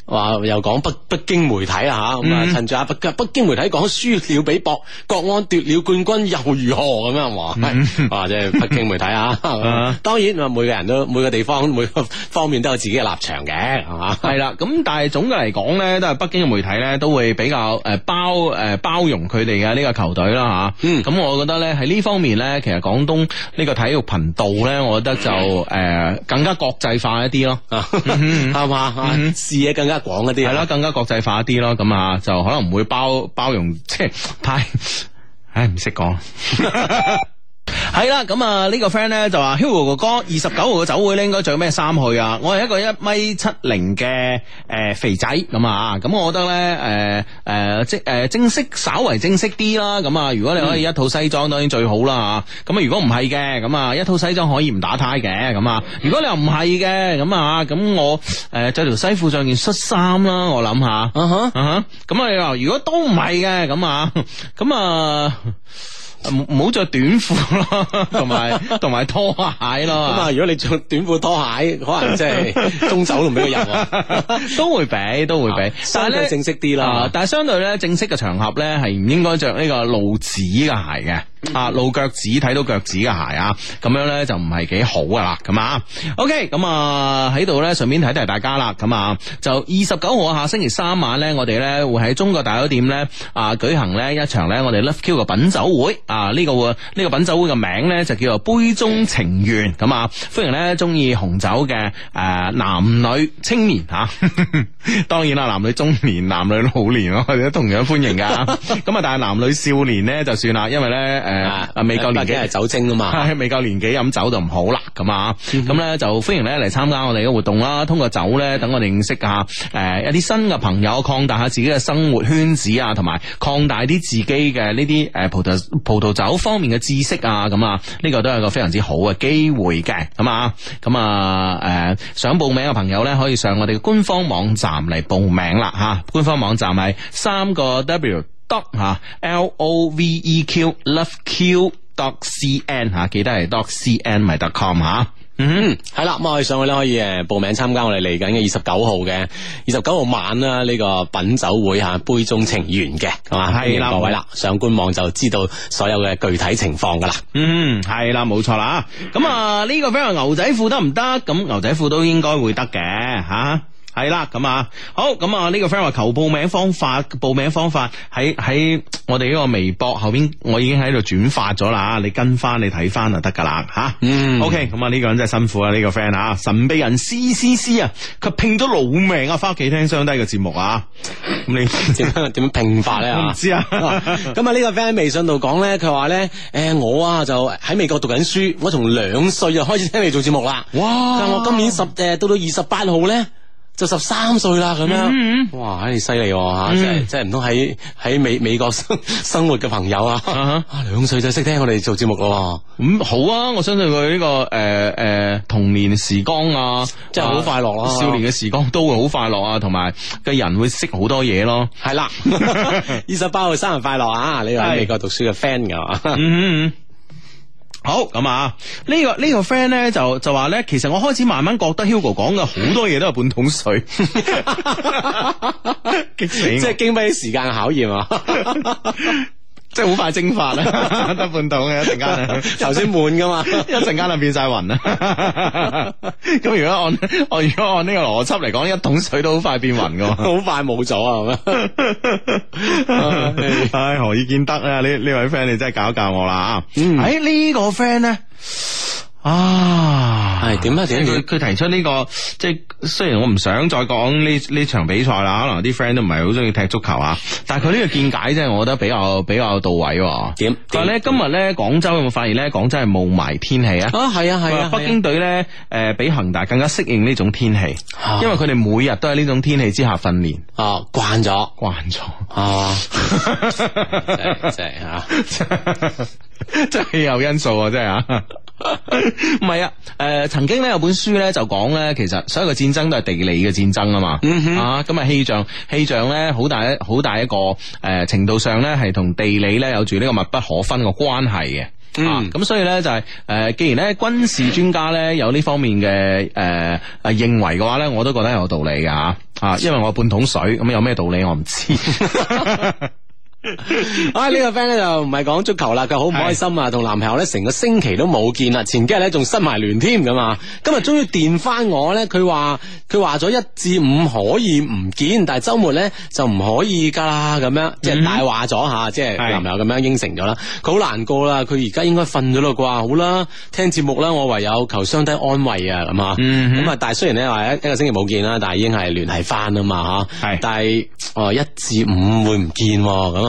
話又講北北京媒體啊吓，咁、嗯、啊趁住阿北京北京媒體講輸了比博，國安奪了冠軍又如何咁樣話，即係北京媒體啊， 當然每個人都每個地方每個方面都有自己嘅立場嘅，係、啊、嘛？係啦，咁但係總嘅嚟講咧，都係北京嘅媒體咧，都會比較誒包誒包容佢哋嘅呢個球隊啦吓。咁、啊嗯、我覺得咧喺呢方面咧，其實廣東呢個體育頻道咧，我覺得就誒、呃、更加國際化一啲咯，係嘛、啊？視野 更加。 講一啲係啦，更加國際化一啲咯，咁啊 就可能唔會包包容，即 係太， 唉唔識講。 係啦，咁啊呢個 friend 咧就話，Hugo 哥哥二十九號嘅酒會咧應該着咩衫去啊？我係一個一米七零嘅誒肥仔咁啊，咁我覺得咧誒誒，即、呃、誒、呃、正式稍為正式啲啦。咁啊，如果你可以一套西裝，當然最好啦。咁啊，如果唔係嘅，咁啊一套西裝可以唔打呔嘅。咁啊，如果你又唔係嘅，咁啊咁我誒着條西褲，着件恤衫啦。我諗下，吓咁、uh huh. uh huh. 啊，你話、啊、如果都唔係嘅，咁啊咁啊。 唔唔好着短褲咯，同埋同埋拖鞋咯。啊， 如果你着短褲拖鞋，可能即係中走廊俾佢入、啊 都，都會俾都會俾。但係咧正式啲啦，但係相對咧正式嘅場合咧係唔應該着呢個露趾嘅鞋嘅。啊露腳趾睇到腳趾嘅鞋啊，咁樣咧就唔係幾好噶啦，咁啊，OK，咁啊喺度咧，呃、順便睇睇大家啦，咁啊，就二十九號下星期三晚咧，我哋咧會喺中國大酒店咧啊、呃、舉行咧一場咧我哋 LoveQ 嘅品酒會啊，呢、呢個呢、呢個品酒會嘅名咧就叫做杯中情緣，咁啊歡迎咧中意紅酒嘅誒、呃、男女青年嚇、啊，當然啦男女中年男女老年我哋都同樣歡迎噶，咁啊 但係男女少年咧就算啦，因為咧。誒，啊未夠年紀係酒精啊嘛，未夠年紀飲酒，嗯、哼就唔好啦，咁啊，咁咧就歡迎你嚟參加我哋嘅活動啦。通過酒咧，等我哋認識下誒一啲新嘅朋友，擴大下自己嘅生活圈子啊，同埋擴大啲自己嘅呢啲誒葡萄葡萄酒方面嘅知識啊，咁啊，呢個都係個非常之好嘅機會嘅，係啊，咁啊，誒、呃、想報名嘅朋友咧，可以上我哋嘅官方網站嚟報名啦，吓、啊，官方網站係三個 W。吓，L O V E Q Love Q dot C N 吓，記得係 dot C N 唔係 dot com 吓。嗯，係啦，咁我哋上去咧可以誒報名參加我哋嚟緊嘅二十九號嘅二十九號晚啦呢個品酒會吓，杯中情緣嘅係嘛？係啦，各位啦，上官網就知道所有嘅具體情況噶啦。嗯，係、嗯、啦，冇錯啦。咁啊呢個比較牛仔褲得唔得？咁牛仔褲都應該會得嘅吓。啊係啦，咁啊，好，咁啊，呢、這個 friend 話求報名方法，報名方法喺喺我哋呢個微博後邊，我已經喺度轉發咗啦，你跟翻，你睇翻就得噶啦，吓、啊。嗯。OK，咁啊，呢、這個人真係辛苦啊，呢、這個 friend 啊，神秘人 C C C 啊，佢拼咗老命啊，翻屋企聽相低嘅節目啊。咁你點樣拼法咧我唔知啊。咁 啊，個呢個 friend 微信度講咧，佢話咧，誒、呃，我啊就喺美國讀緊書，我從兩歲就開始聽你做節目啦。哇！但我今年十誒到到二十八號咧。呢 就十三歲啦，咁樣哇，嘿、mm，犀利吓，真係真係唔通喺喺美美國生活嘅朋友啊，兩歲、uh huh. 啊、就識聽我哋做節目咯，咁、嗯、好啊！我相信佢呢、這個誒誒、呃呃、童年時光啊，真係好快樂咯、啊，啊、少年嘅時光都會好快樂啊，同埋嘅人會識好多嘢咯，係啦了，二十八號生日快樂啊！你喺美國讀書嘅 friend 噶。 好咁啊！這個這個、呢個呢個 friend 咧就就話咧，其實我開始慢慢覺得 Hugo 講嘅好多嘢都係半桶水， 即係經不起時間考驗啊！ 即係好快蒸發啦，得 半桶嘅一陣間，頭先滿噶嘛， 一陣間就變晒雲啦。咁 如果按按如果按呢個邏輯嚟講，一桶水都好快變雲噶，好 快冇咗啊，係咪？唉，何以見得啊？呢呢 位 friend 你真係教一教我啦啊！喺、嗯哎這個、呢個 friend 咧。啊，係點、哎、啊？點佢、啊、提出呢、呢個，即係雖然我唔想再講呢呢場比賽啦，可能啲 friend 都唔係好中意踢足球啊。但係佢呢個見解真係我覺得比較比較到位。點、嗯？嗯、但係咧今日咧廣州有冇發現咧廣州係霧霾天氣啊？啊，係啊係啊！啊啊北京隊咧誒，比恒大更加適應呢種天氣，啊、因為佢哋每日都喺呢種天氣之下訓練啊，慣咗，慣咗啊！正。 啊！ 真係有因素啊，真 係啊。唔係啊，誒，曾經咧有本書咧就講咧，其實所有嘅戰爭都係地理嘅戰爭啊嘛，嗯、哼啊，咁啊氣象，氣象咧好大一好大一個誒、呃、程度上咧係同地理咧有住呢個密不可分嘅關係嘅，嗯、啊，咁所以咧就係、是、誒、呃，既然咧軍事專家咧有呢方面嘅誒誒認為嘅話咧，我都覺得有道理㗎吓吓，因為我半桶水，咁有咩道理我唔知。 啊、 哎！呢、這個 friend 咧就唔係講足球啦，佢好唔開心啊，同是男朋友咧成個星期都冇見啦，前幾日咧仲失埋聯添噶嘛，今日終於電翻我咧，佢話佢話咗一至五可以唔見，但係周末咧就唔可以噶啦，咁樣即係大話咗下，即係、mm hmm。男朋友咁樣應承咗啦，佢好是難過啦，佢而家應該瞓咗啦啩，好啦，聽節目啦，我唯有求相低安慰啊，咁啊，咁啊、mm，hmm。但係雖然咧話一一個星期冇見啦，但係已經係聯繫翻啦嘛，吓，但係哦一至五會唔見咁。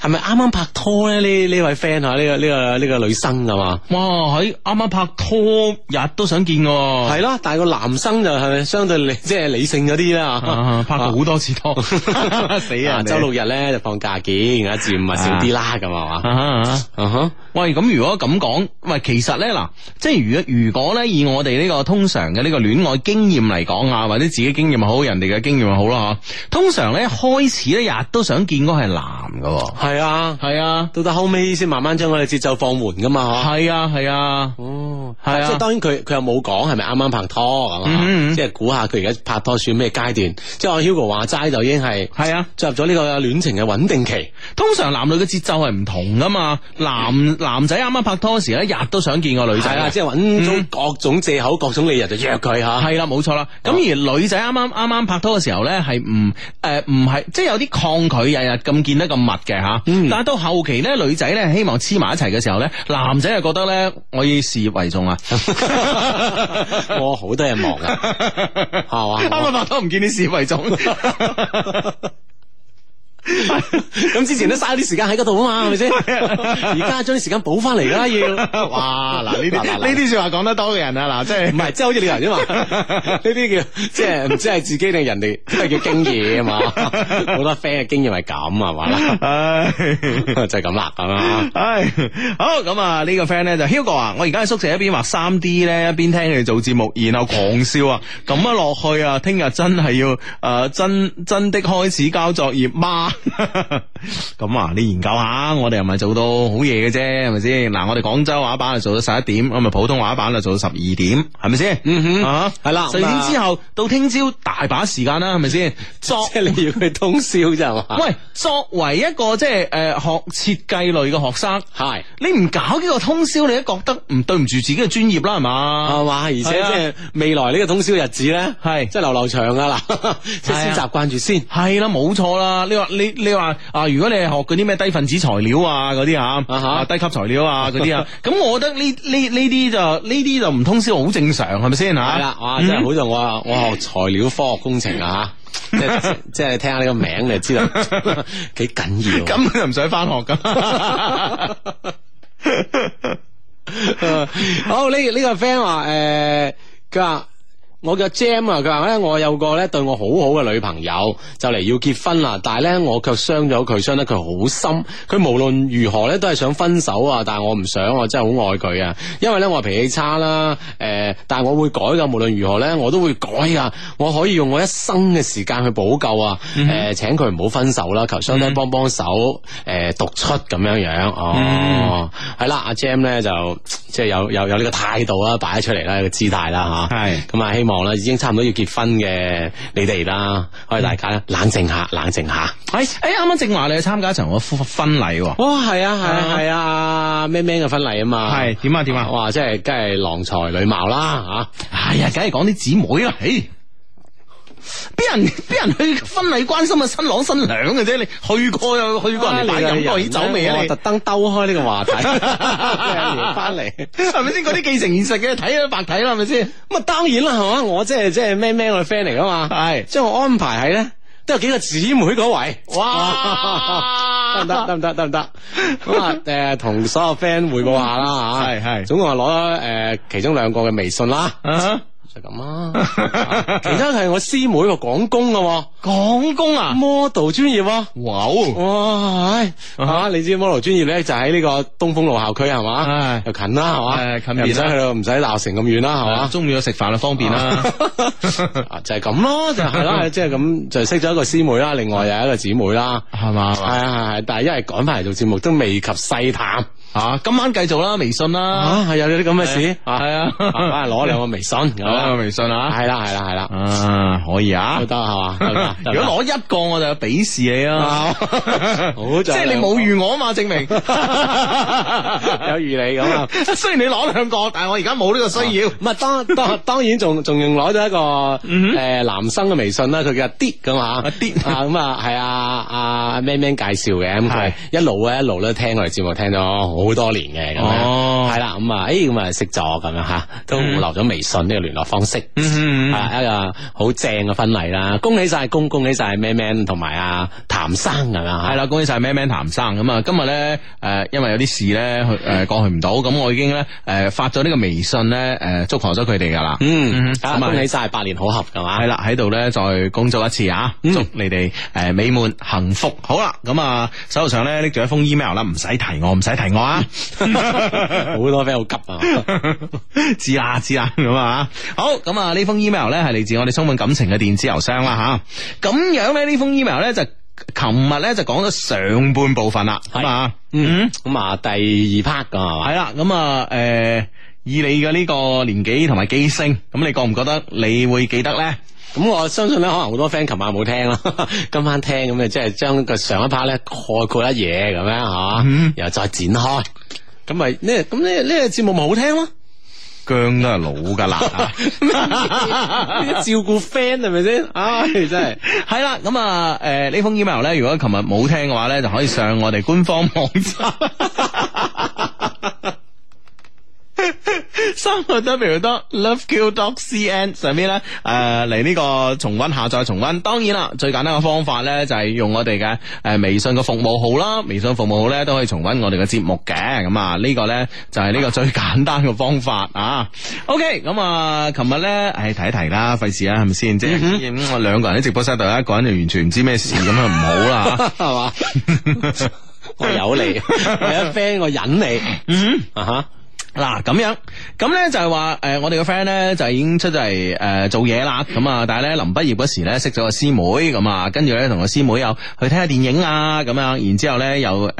係咪啱啱拍拖咧？呢呢位 friend 吓，呢、啊這個呢個呢個女生噶嘛？哇！喺啱啱拍拖，日都想見喎。係咯、啊，但係個男生就係咪相對理即係理性嗰啲啦？啊啊、 拍過好多次拖， 死了啊！你周六日咧就放假見，次一至五唔咪少啲啦，咁係嘛？喂，咁如果咁講，喂，其實咧嗱，即係如如果咧以我哋呢、這個通常嘅呢個戀愛經驗嚟講啊，或者自己經驗好，人哋嘅經驗又好咯嗬？通常咧開始咧日都想見嗰係男噶。係啊，係啊，到到後尾先慢慢將我哋節奏放緩噶嘛，嗬。係啊，係啊，
哦，係啊，即係
當然佢佢又冇講係咪啱啱拍拖，即係估下佢而家拍拖算咩階段。即係我 Hugo 話齋就已經係，係啊，進入咗呢個戀情嘅穩定期。通常男女嘅節奏係唔同噶嘛，男男仔啱啱拍拖時咧日都想見個女仔，啊，即係揾咗各種借口、各種理由就約佢吓。係啦，冇錯啦。咁而女仔啱啱啱啱拍拖嘅時候咧係唔誒唔係，即係有啲抗拒，日日咁見得咁密嘅吓。嗯、但係到後期咧，女仔咧希望黐埋一齊嘅時候咧，男仔又覺得咧，我要事業為重啊！ 我好多人忙噶、啊，係嘛，啱唔啱，都唔見你事業為重。
咁 之前都嘥啲時間喺嗰度啊嘛，係咪先？而家
將啲時間補翻嚟啦，要。
哇！嗱，呢啲嗱，呢啲
說話講得多嘅人啊，嗱，即係唔係，即係好似你頭先話，呢啲 叫即係唔知係自己定人哋，都係叫經驗啊嘛。好多 friend 嘅經驗係咁啊嘛，就係咁啦，係嘛。唉，好咁啊，呢個 friend 咧就 Hugo 啊，我而家喺宿舍一邊畫 3D 咧，一邊聽佢做節目，然後狂笑啊，咁啊落去啊，聽日真係要誒真真的開始交作業咁啊，你研究下，我哋又咪做到好夜嘅啫，係咪先？嗱，我哋廣州話版就做到十一點，我咪普通話版就做到十二點，係咪先？嗯哼，係啦。十二點之後到聽朝大把時間啦，係咪先？即係你要佢通宵啫，喂，作為一個即係誒學設計類嘅學生，係你唔搞幾個通宵，你都覺得唔對唔住自己嘅專業啦，係嘛？係嘛？而且即係未來呢個通宵日子咧，係即係流流長噶啦，即係先習慣住先。係啦，冇錯啦，你話。你你話啊，如果你係學嗰啲咩低分子材料啊，嗰啲啊，啊，哈 啊，低級材料啊，嗰啲啊，咁我覺得呢呢呢啲就呢啲就唔通宵好正常係咪先吓？係啦，啊嗯、哇，真係好在我我學材料科學工程啊 即係即係聽下呢個名你就知道幾緊要，啊，根本 就唔使翻學噶。 好呢呢、呢個 friend 話誒個。呃我叫 Jam 啊，佢話咧我有個咧對我好好嘅女朋友，就嚟要結婚啦，但係咧我卻傷咗佢，傷得佢好深。佢無論如何咧都係想分手啊，但係我唔想，我真係好愛佢啊。因為咧我脾氣差啦，誒，但係我會改噶，無論如何咧我都會改噶。我可以用我一生嘅時間去補救啊，誒、嗯呃，請佢唔好分手啦，求上帝幫幫手，嗯、誒，讀出咁樣樣。哦，係啦、嗯，阿 Jam 咧就即係有有有呢個態度啦，擺咗出嚟啦，個姿態啦吓。係、啊，咁啊是希望。望啦，已經差唔多要結婚嘅你哋啦，可以大家冷靜下，冷靜下。哎，哎，啱啱正話你去參加一場婚婚禮喎。哇，係啊，係啊，係啊，咩咩嘅婚禮啊嘛。係點啊點啊，哇，即係梗係郎才女貌啦，吓。哎呀，梗係講啲姊妹啦，嘿。俾人俾人去婚禮，關心啊新郎新娘嘅啫，你去過啊？去過人哋擺酒飲過走未啊？我特登兜開呢個話題翻嚟，係咪先？嗰啲既成現實嘅睇都白睇啦，係咪先？咁啊，當然啦，係嘛？我即係即係咩咩我 friend 嚟噶嘛？係將我安排喺咧，都有幾個姊妹嗰位，哇，得唔得？得唔得？得唔得？咁啊？誒，同所有 friend 匯報下啦，係係，總共係攞誒其中兩個嘅微信啦。就咁啦，其他係我師妹個廣工噶，廣工啊，model 專業喎，哇哦，哇，唉，啊，你知 model 專業咧就喺呢個東風路校區係嘛，又近啦係嘛，而且去到唔使鬧城咁遠啦係嘛，中午咗食飯啊方便啦，就係咁咯，就係啦，即係咁就識咗一個師妹啦，另外又有一個姊妹啦，係嘛，係啊係係，但係因為趕翻嚟做節目都未及細談。啊，今晚繼續啦，微信啦，吓係有啲咁嘅事，係啊，攞兩個微信，攞兩個微信啊，係啦係啦係啦，嗯，可以啊，都得係嘛，如果攞一個我就鄙視你啊，好即係你侮辱我啊嘛，證明有遇你咁啊，雖然你攞兩個，但係我而家冇呢個需要，唔係當當當然仲仲仲攞咗一個誒男生嘅微信啦，佢叫 D 咁啊，D 啊咁啊係啊阿咩咩介紹嘅，咁佢一路啊，一路咧聽我哋節目聽到。好多年嘅哦，係啦咁啊，誒咁啊識咗咁樣吓，都留咗微信呢個聯絡方式，啊，一個好正嘅婚禮啦，恭喜晒恭恭喜晒咩咩同埋阿譚生噶啦，係啦，恭喜晒咩咩譚生咁啊，今日咧誒因為有啲事咧，去誒過去唔到，咁我已經咧誒發咗呢個微信咧誒祝賀咗佢哋噶啦，嗯，恭喜晒，百年好合係嘛？係啦，喺度咧再恭祝一次啊，祝你哋誒美滿幸福，好啦咁啊手頭上咧拎住一封 email 啦，唔使提我唔使提我。 多 好多 friend 好急啊，知啦知啦咁啊，好咁啊呢封 email 咧係嚟自我哋充滿感情嘅電子郵箱啦吓，咁樣咧呢封 email 咧就琴日咧就講咗上半部分啦，係嘛是，嗯咁啊、嗯、第二 part 噶係嘛，係啦，咁啊誒以你嘅呢個年紀同埋記性，咁你覺唔覺得你會記得咧？咁我相信咧，可能好多 friend 琴晚冇聽啦，今晚聽咁就即係將個上一 part 咧概括一嘢咁樣吓，然後又再展開。咁咪呢？咁呢呢個節目咪好聽咯？姜都係老噶啦
照
顧 friend 係咪先？唉、 啊，真係係啦。咁 啊， 誒呢、呃、封 email 咧，如果琴日冇聽嘅話咧，就可以上我哋官方網站。 三個 w 多 loveq dot CN。 上面咧誒嚟呢個重溫下載重溫，當然啦，最簡單嘅方法咧就係用我哋嘅誒微信嘅服務號啦，微信服務號咧都可以重溫我哋嘅節目嘅，咁啊呢個咧就係呢個最簡單嘅方法啊。OK，咁、嗯哎、啊，琴日咧，誒提一提啦，費事啦，係咪先？即係咁，兩個人喺直播室度，一個人就完全唔知咩事，咁 啊唔好啦，係嘛？我有你，我有一 friend，我忍你，嗯啊哈。嗱咁樣，咁咧就係話，誒我哋個 friend 咧就已經出咗嚟，誒做嘢啦，咁啊，但係咧臨畢業時咧識咗個師妹，咁啊，跟住咧同個師妹又去睇下電影啊，咁、呃、樣，然之後咧又，誒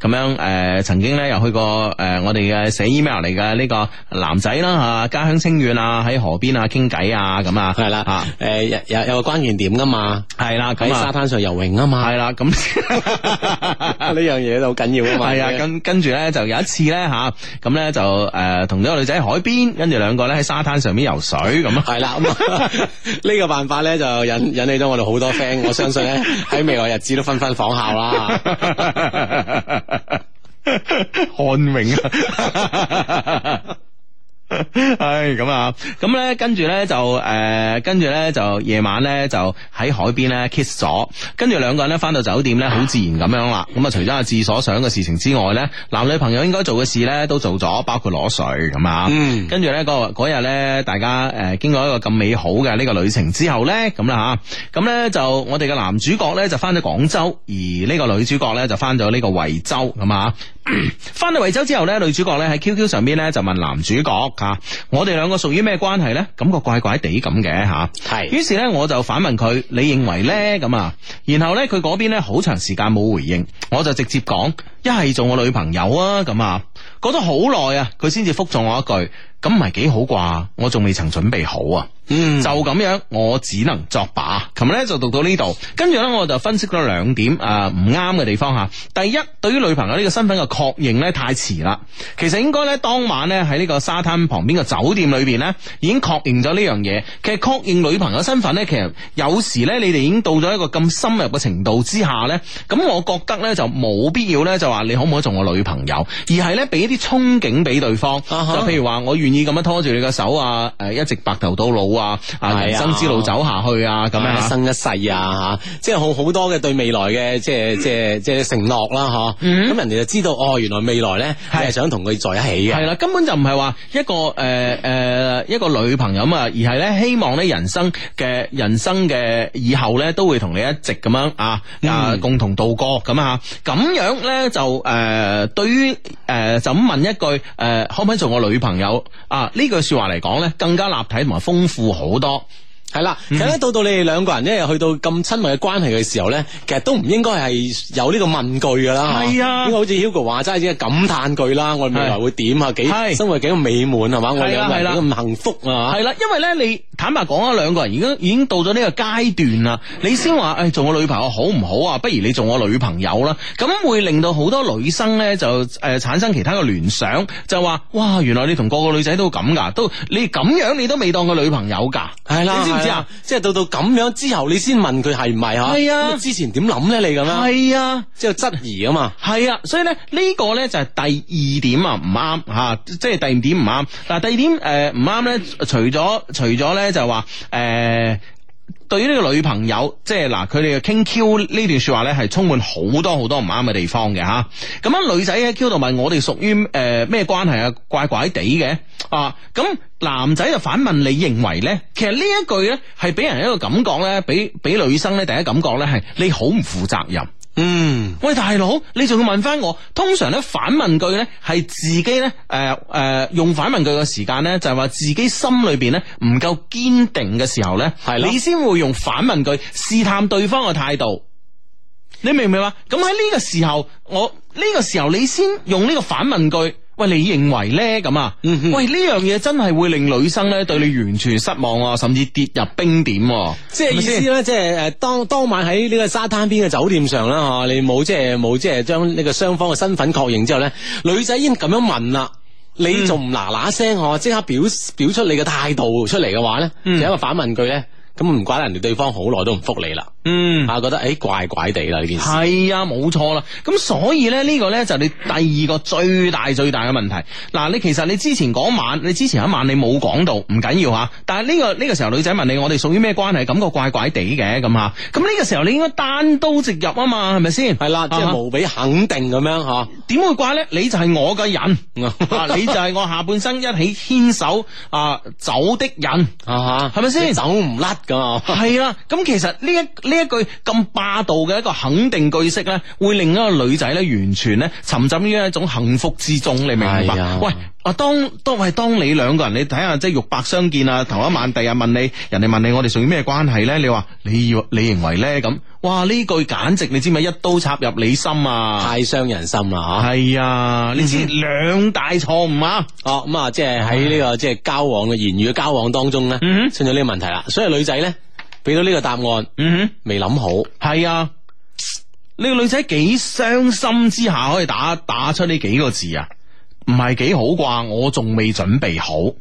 咁樣，誒曾經咧又去過，誒我哋嘅寫 email 嚟嘅呢個男仔啦，吓家鄉清遠啊，喺河邊啊傾偈啊，咁啊，係啦，吓，誒有有個關鍵點噶嘛，係啦對，喺沙灘上游泳啊嘛，係啦，咁呢樣嘢好緊要啊嘛，係啊， 跟跟住咧就有一次咧吓，咁咧就。就誒，同咗、呃、個女仔喺海邊，跟住兩個咧喺沙灘上面游水咁啊，係啦咁呢 個辦法咧就引引起咗我哋好多 friend，我相信咧喺未來日子都紛紛仿效啦，漢榮。 唉，咁啊，咁咧，跟住咧就誒，跟住咧就夜晚咧就喺海邊咧 kiss 咗，跟住兩個人咧翻到酒店咧，好自然咁樣啦。咁啊，除咗阿志所想嘅事情之外咧，男女朋友應該做嘅事咧都做咗，包括攞水咁啊。嗯，跟住咧嗰日咧，大家誒經過一個咁美好嘅呢個旅程之後咧，咁啦吓，咁咧就我哋嘅男主角咧就翻咗廣州，而呢個女主角咧就翻咗呢個惠州咁啊。翻到惠州之後咧，女主角咧喺 QQ 上邊咧就問男主角吓、啊，我哋兩個屬於咩關係呢？感覺怪怪地咁嘅吓。係、啊，於是咧我就反問佢，你認為呢？咁啊。然後咧佢嗰邊咧好長時間冇回應，我就直接講，一係做我女朋友啊咁啊。過咗好耐啊，佢先至覆咗我一句，咁唔係幾好啩？我仲未曾準備好啊。嗯，就咁樣，我只能作罷。琴日咧就讀到呢度，跟住咧我就分析咗兩點誒唔啱嘅地方吓。第一，對於女朋友呢個身份嘅確認咧太遲啦。其實應該咧當晚咧喺呢個沙灘旁邊嘅酒店裏邊咧，已經確認咗呢樣嘢。其實確認女朋友身份咧，其實有時咧你哋已經到咗一個咁深入嘅程度之下咧，咁我覺得咧就冇必要咧就話你可唔可以做我女朋友，而係咧俾一啲憧憬俾對方。啊、哈就譬如話我願意咁樣拖住你嘅手啊，誒、呃、一直白頭到老。話啊，人生之路走下去啊，咁樣一、哎、呀生一世啊，吓，即係好好多嘅對未來嘅即係即係即係承諾啦，吓、嗯，咁人哋就知道哦，原來未來咧係是想同佢在一起嘅。係啦，根本就唔係話一個誒誒、呃呃、一個女朋友啊，而係咧希望咧人生嘅人生嘅以後咧都會同你一直咁樣啊啊，啊共同渡過咁吓咁樣咧、啊、就誒、呃、對於誒、呃、就咁問一句誒、呃、可唔可以做我女朋友啊？呢句話說話嚟講咧更加立體同埋豐富。多好多。係啦，其實到到你哋兩個人一咧，去到咁親密嘅關係嘅時候咧，其實都唔應該係有呢個問句噶啦，吓的，啊，好似 Hugo 話齋，只係感嘆句啦。的我哋未來會點啊？幾生活幾咁美滿係嘛？我哋未來幾咁幸福啊？係啦，因為咧，你坦白講啊，兩個人而家已經到咗呢個階段啦，你先話，誒、哎，做我女朋友好唔好啊？不如你做我女朋友啦。咁會令到好多女生咧，就誒、呃、產生其他嘅聯想，就話，哇，原來你同個個女仔都咁噶，都你咁樣，你，樣你都未當過女朋友噶，係啦的。知、嗯、啊，即係到到咁樣之後，你先問佢係唔係吓？係啊，啊，之前點諗咧你咁樣，係啊，即係質疑啊嘛。係啊，所以咧呢個咧就係第二點啊，唔啱吓，即係第二點唔啱。但、啊、係第二點誒唔啱咧，除咗除咗咧就話誒。呃對於呢個女朋友，即係嗱，佢哋又傾 Q 呢段說話呢，係充滿好多好多唔啱嘅地方嘅吓。咁啊樣女仔喺 Q 度問我哋屬於誒咩關係啊？怪怪地嘅啊，咁男仔就反問你認為呢？其實呢一句呢，係俾人一個感覺呢，俾俾女生呢第一感覺呢，係你好唔負責任。嗯，喂，大佬，你仲要問翻我？通常咧反問句咧係自己咧誒誒用反問句嘅時間咧就係話自己心裏邊咧唔夠堅定嘅時候咧係啦，你先會用反問句試探對方嘅態度，你明唔明啊？咁喺呢個時候，我呢個時候你先用呢個反問句。喂，你認為咧咁啊？喂，呢 樣嘢真係會令女生咧對你完全失望，啊，甚至跌入冰點。即係意思咧，即係誒，當當晚喺呢個沙灘邊嘅酒店上啦，吓你冇即係冇即係將呢個雙方嘅身份確認之後咧，女仔已經咁樣問啦，嗯、你仲唔嗱嗱聲？我即刻表表出你嘅態度出嚟嘅話咧，嗯、就一個反問句咧，咁唔怪得人哋對方好耐都唔覆你啦。 嗯，啊，覺得誒、欸、怪怪地啦呢件事，係啊，冇錯啦。咁所以咧，呢、這個咧就係你第二個最大最大嘅問題。嗱，你其實你之前嗰晚，你之前嗰晚你冇講到，唔緊要吓。但係、這、呢個呢、這個時候女仔問你，我哋屬於咩關係？感覺怪怪地嘅咁啊。咁呢個時候你應該單刀直入啊嘛，係咪先？係啦、啊，即、就、係、是、無比肯定咁樣吓。點、啊啊、會怪咧？你就係我嘅人，啊、 你就係我下半生一起牽手啊走的人啊，係咪先？走唔甩噶。係啊，咁其實呢一呢。一句咁霸道嘅一個肯定句式咧，會令一個女仔咧完全咧沉浸於一種幸福之中，你明唔明白？哎、呀喂，當當係，當你兩個人，你睇下即係玉白相見啊，頭一晚第日問你，人哋問你，我哋屬於咩關係咧？你話你以你認為咧咁？哇！呢句簡直你知唔知？一刀插入你心啊，太傷人心啦！吓、哎呀，係啊，你知兩大錯誤啊？ 哦，咁啊，即係喺呢個即係交往嘅言語嘅交往當中咧，出咗呢個問題啦。所以女仔咧。俾到呢個答案，嗯哼、mm，未、hmm，諗好，係啊，呢個女仔幾傷心之下可以打打出呢幾個字啊？唔係幾好啩，我仲未準備好，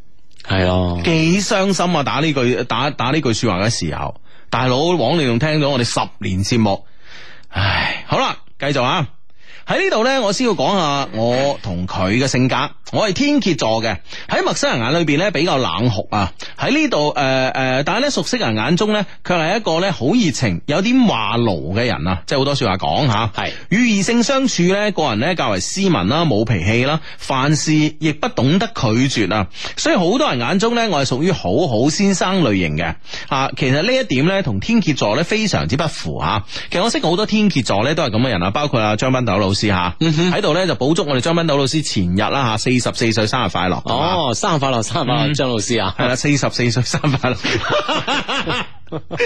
係啊，幾傷心啊！打呢句打打呢句說話嘅時候，大佬枉你仲聽到我哋十年節目，唉，好啦，繼續啊！喺呢度咧，我先要講下我同佢嘅性格。我係天蠍座嘅，喺陌生人眼裏邊咧，比較冷酷啊。喺呢度誒誒，但係咧，熟悉人眼中咧，佢係一個咧好熱情、有啲話癆嘅人啊，即係好多說話講吓。係與異性相處咧，個人咧較為斯文啦，冇脾氣啦，凡事亦不懂得拒絕啊。所以好多人眼中咧，我係屬於好好先生類型嘅。吓、啊，其實呢一點咧，同天蠍座咧非常之不符吓、啊。其實我識好多天蠍座咧，都係咁嘅人啊，包括阿張斌斗老。試下喺度咧就補祝我哋張斌斗老師前日啦吓，四十四歲生日快樂！哦吧生日快樂，生日快樂、嗯啊， 生日快樂，張老師啊，係啦，四十四歲生日快樂！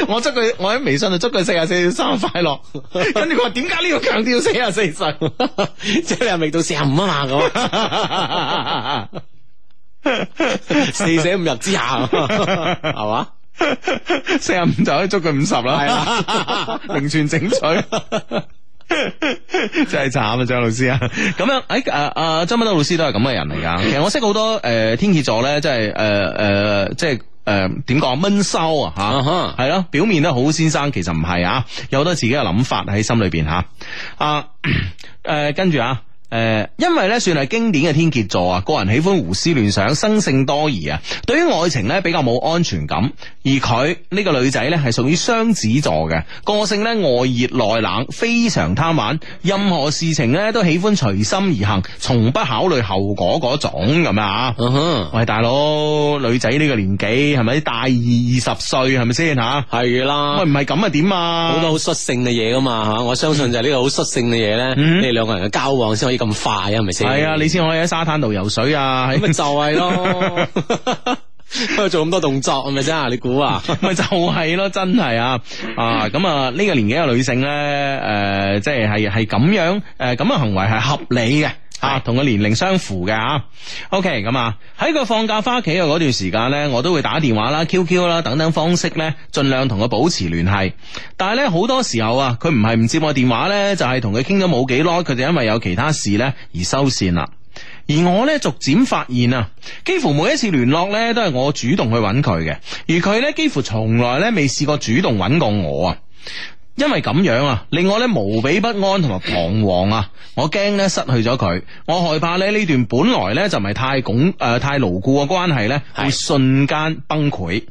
我祝佢，我喺微信度祝佢四十四歲生日快樂。跟住佢話點解呢個強調四十四歲，即係你未到四十五啊嘛，咁四捨五入之下係嘛，四十五就可以祝佢五十啦，係 啦 零存整取。 真係慘、哎、啊，張老師啊！咁樣，誒，阿阿周文德老師都係咁嘅人嚟噶。其實我識好多誒，天蠍座咧，即係誒誒，即係誒，點、就、講、是呃、啊？悶騷啊，吓，係咯，表面咧好先生，其實唔係啊，有好多自己嘅諗法喺心裏邊吓。阿、啊、誒、啊呃，跟住啊。誒，因為咧算係經典嘅天蠍座啊，個人喜歡胡思亂想，生性多疑啊。對於愛情咧比較冇安全感，而佢呢、這個女仔咧係屬於雙子座嘅，個性咧外熱內冷，非常貪玩，任何事情咧都喜歡隨心而行，從不考慮後果嗰種咁啊吓。嗯哼，喂大佬，女仔呢個年紀係咪大二十歲？係咪先吓？係啦，喂唔係咁啊點啊？好多好率性嘅嘢㗎嘛吓，我相信就係呢個好率性嘅嘢咧，嗯、你哋兩個人嘅交往先可以。咁快啊，係咪先？係 啊，你先可以喺沙灘度游水啊，咁咪就係咯，不過做咁多動作係咪啫？你估啊，咪 就係咯，真係啊，啊，咁啊呢、啊啊啊呢個年紀嘅女性咧，誒、呃，即係係係咁樣，誒、呃，咁嘅行為係合理嘅。啊，同佢年齡相符嘅啊，OK，咁啊，喺佢放假翻屋企嘅嗰段時間呢，我都會打電話啦、QQ 啦等等方式呢，盡量同佢保持聯繫。但係呢，好多時候啊，佢唔係唔接我電話呢，就係同佢傾咗冇幾耐，佢就因為有其他事呢而收線啦。而我呢，逐漸發現啊，幾乎每一次聯絡呢，都係我主動去揾佢嘅，而佢呢，幾乎從來呢，未試過主動揾過我啊。因為咁樣啊，令我咧無比不安同埋彷徨啊，我驚咧失去咗佢，我害怕咧呢段本來咧就唔係太鞏誒、呃、太牢固嘅關係咧，會瞬間崩潰。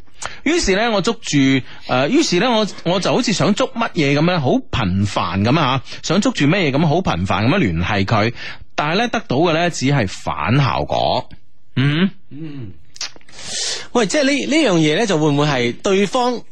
於是咧我捉住誒，呃、於是咧我我就好似想捉乜嘢咁樣，好頻繁咁樣，想捉住咩嘢咁好頻繁咁樣聯繫佢，但係咧得到嘅咧只係反效果。嗯嗯，喂，即係呢呢樣嘢咧，就會唔會係對方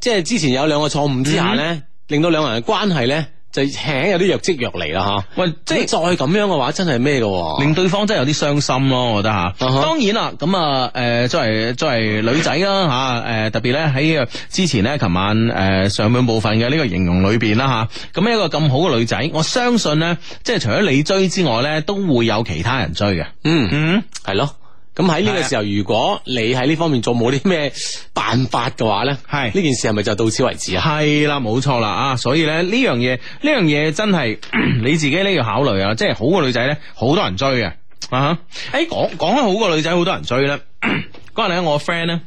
即係之前有兩個錯誤之下咧？嗯令到兩人嘅關係咧，就請有啲若即若離啦嚇。喂，即係再咁樣嘅話，真係咩嘅？令對方真係有啲傷心咯，我覺得吓，uh huh. 當然啦，咁啊誒，作為作為女仔啦吓，誒特別咧喺之前咧，琴晚誒、呃、上半部分嘅呢個形容裏邊啦吓，咁、呃、一個咁好嘅女仔，我相信咧，即係除咗你追之外咧，都會有其他人追嘅。嗯嗯，係、嗯、咯。咁喺呢個時候，如果你喺呢方面做冇啲咩辦法嘅話咧，係呢的件事係咪就到此為止啊？係啦，冇錯啦啊！所以咧呢樣嘢，呢樣嘢真係 你自己咧要考慮啊！即係好個女仔咧，好多人追嘅啊！誒、欸，講講開好個女仔，好多人追啦。嗰日咧我 friend 咧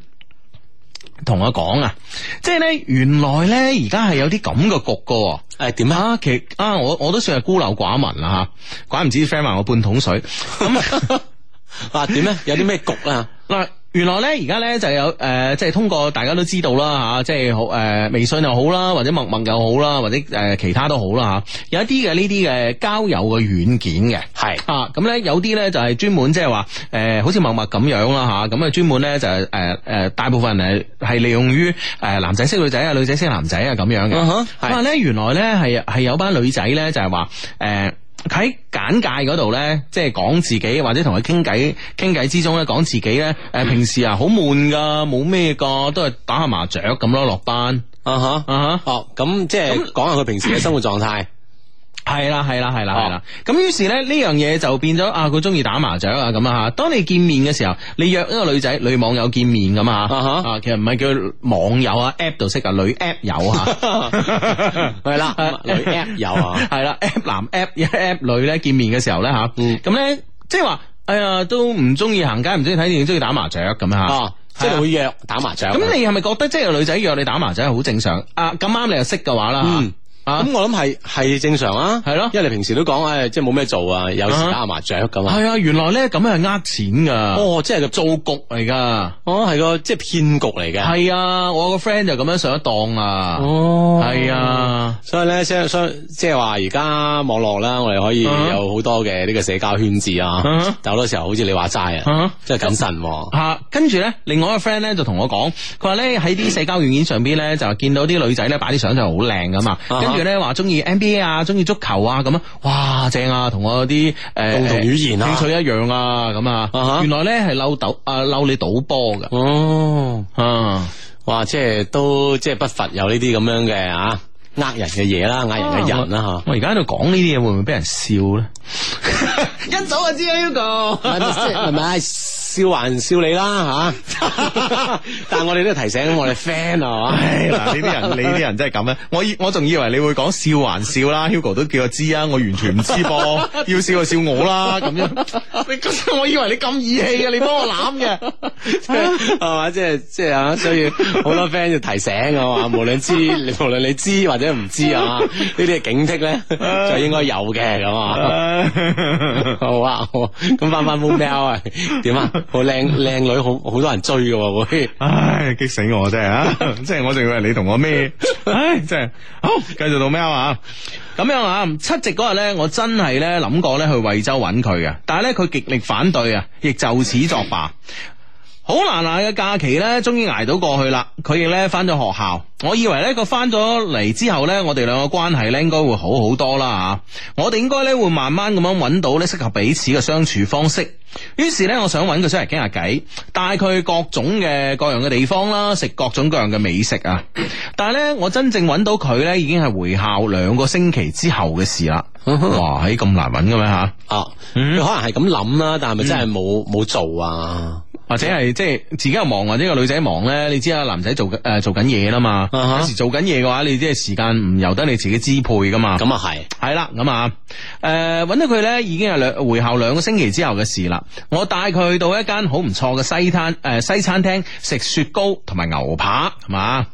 同我講啊，即係咧原來咧而家係有啲咁嘅局噶。誒、欸，點啊？其啊，我我都算係孤陋寡聞啦吓，怪唔知 friend 話我半桶水咁。啊 嗱，點咧？有啲咩局啊？嗱， 原來咧而家咧就有誒，即、呃、係通過大家都知道啦吓、啊，即係好誒，微信又好啦，或者陌陌又好啦，或者誒、呃、其他都好啦吓、啊，有一啲嘅呢啲嘅交友嘅軟件嘅係是啊，咁咧有啲咧就係專門即係話誒，好似陌陌咁樣啦吓，咁啊專門咧就誒、是、誒、呃呃，大部分人係係利用於誒男仔識女仔啊，女仔識男仔啊咁樣嘅。但係咧原來咧係係有班女仔咧就係話誒。呃呃喺簡介嗰度咧，即係講自己，或者同佢傾偈，傾偈之中咧講自己咧，誒，平時啊好悶噶，冇咩個，都係打下麻雀咁咯，落班。啊吓啊吓哦，咁即係講下佢平時嘅生活狀態。 係啦，係啦，係啦，係啦。咁於是咧，呢樣嘢就變咗啊，佢中意打麻雀啊，咁啊吓。當你見面嘅時候，你約一個女仔、女網友見面咁啊。啊，其實唔係叫網友啊，App 度識啊，女 App 友啊。係啦，
女 App 友啊，
係啦，App 男、App App 女咧見面嘅時候咧吓。咁咧，即係話，哎呀，都唔中意行街，唔中意睇電影，中意打麻雀咁啊。即係會約打麻雀。咁你係咪覺得即係個女仔約你打麻雀係好正常？啊，咁啱你又識嘅話啦。咁我諗係係正常啊，係咯，因為你平時都講誒，即係冇咩做啊，有時打下麻雀咁啊。係啊，原來咧咁樣係呃錢噶。哦，即係個租局嚟噶。啊、哦，係個即係騙局嚟嘅。係啊，我個 friend 就咁樣上一當啊。
哦，係啊，
所以咧，即係即係話而家網絡啦，我哋可以有好多嘅呢個社交圈子啊。但好多時候好似你話齋啊，即係謹慎。吓，跟住咧，另外一個 friend 咧就同我講，佢話咧喺啲社交軟件上邊咧就見到啲女仔咧擺啲相就好靚噶嘛。啊啊跟住咧，話中意 NBA 啊，中意足球啊，咁啊，哇正啊，同我啲誒共同語言啊，興趣一樣啊，咁啊，原來咧係嬲賭啊，嬲你賭波㗎，哦啊，哇，即係都即係不乏有呢啲咁樣嘅啊，呃人嘅嘢啦，呃人嘅人啦吓，我而家喺度講呢啲嘢，會唔會俾人笑
咧？一早就知啊，Hugo，係咪？
笑還笑你啦吓，啊、 但係我哋都提醒我哋 friend 係嘛，嗱， 呢啲人，呢啲人真係咁啊！我我仲以為你會講笑還笑啦、啊、，Hugo 都叫我知啊，我完全唔知噃，要笑就笑我啦咁樣。你、啊、 我以為你咁義氣啊，你幫我攬嘅係嘛？即係即係啊，所以好多 friend 要提醒我嘛、啊。無論知，無論你知或者唔知啊，呢啲係警惕咧就應該有嘅咁啊，啊， 啊。好啊，好，咁翻翻 mobile 啊，點啊？好靚靚女，好好多人追嘅會、啊，唉 激、哎、死我、 哎、真係啊！即係我仲以為你同我咩唉，即係繼續到咩啊？咁樣啊！七夕嗰日咧，我真係咧諗過咧去惠州搵佢嘅，但係咧佢極力反對啊，亦就此作罷。好難難嘅假期呢，終於挨到過去啦。佢亦呢翻咗學校。我以為呢佢翻咗嚟之後呢，我哋兩個關係呢應該會好好多啦啊！我哋應該呢會慢慢咁樣揾到呢適合彼此嘅相處方式。於是呢，我想揾佢出嚟傾下偈，帶佢去各種嘅各樣嘅地方啦，食各種各樣嘅美食啊！但係呢，我真正揾到佢呢已經係回校兩個星期之後嘅事啦。哇，咁難揾嘅咩吓？啊，佢、嗯、可能係咁諗啦，但係咪真係冇冇做啊？或者係即係自己又忙，或者個女仔忙咧，你知啊，男仔做誒做緊嘢啦嘛，有、Uh-huh. 時做緊嘢嘅話，你即係時間唔由得你自己支配噶嘛。咁啊係，係啦，咁啊誒，揾到佢咧，已經係兩回校兩個星期之後嘅事啦。我帶佢到一間好唔錯嘅西餐誒西餐廳食雪糕同埋牛扒係嘛，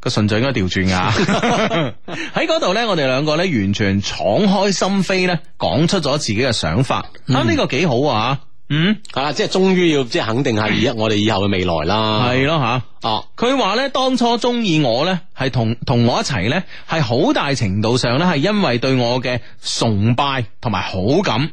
個順序應該調轉噶。喺嗰度咧，我哋兩個咧完全敞開心扉咧，講出咗自己嘅想法。Mm. 啊，呢個幾好啊！嗯，係啦，啊，即係終於要即係肯定下而家我哋以後嘅未來啦。係咯吓，啊，佢話咧當初中意我咧，係同同我一齊咧，係好大程度上咧，係因為對我嘅崇拜同埋好感。.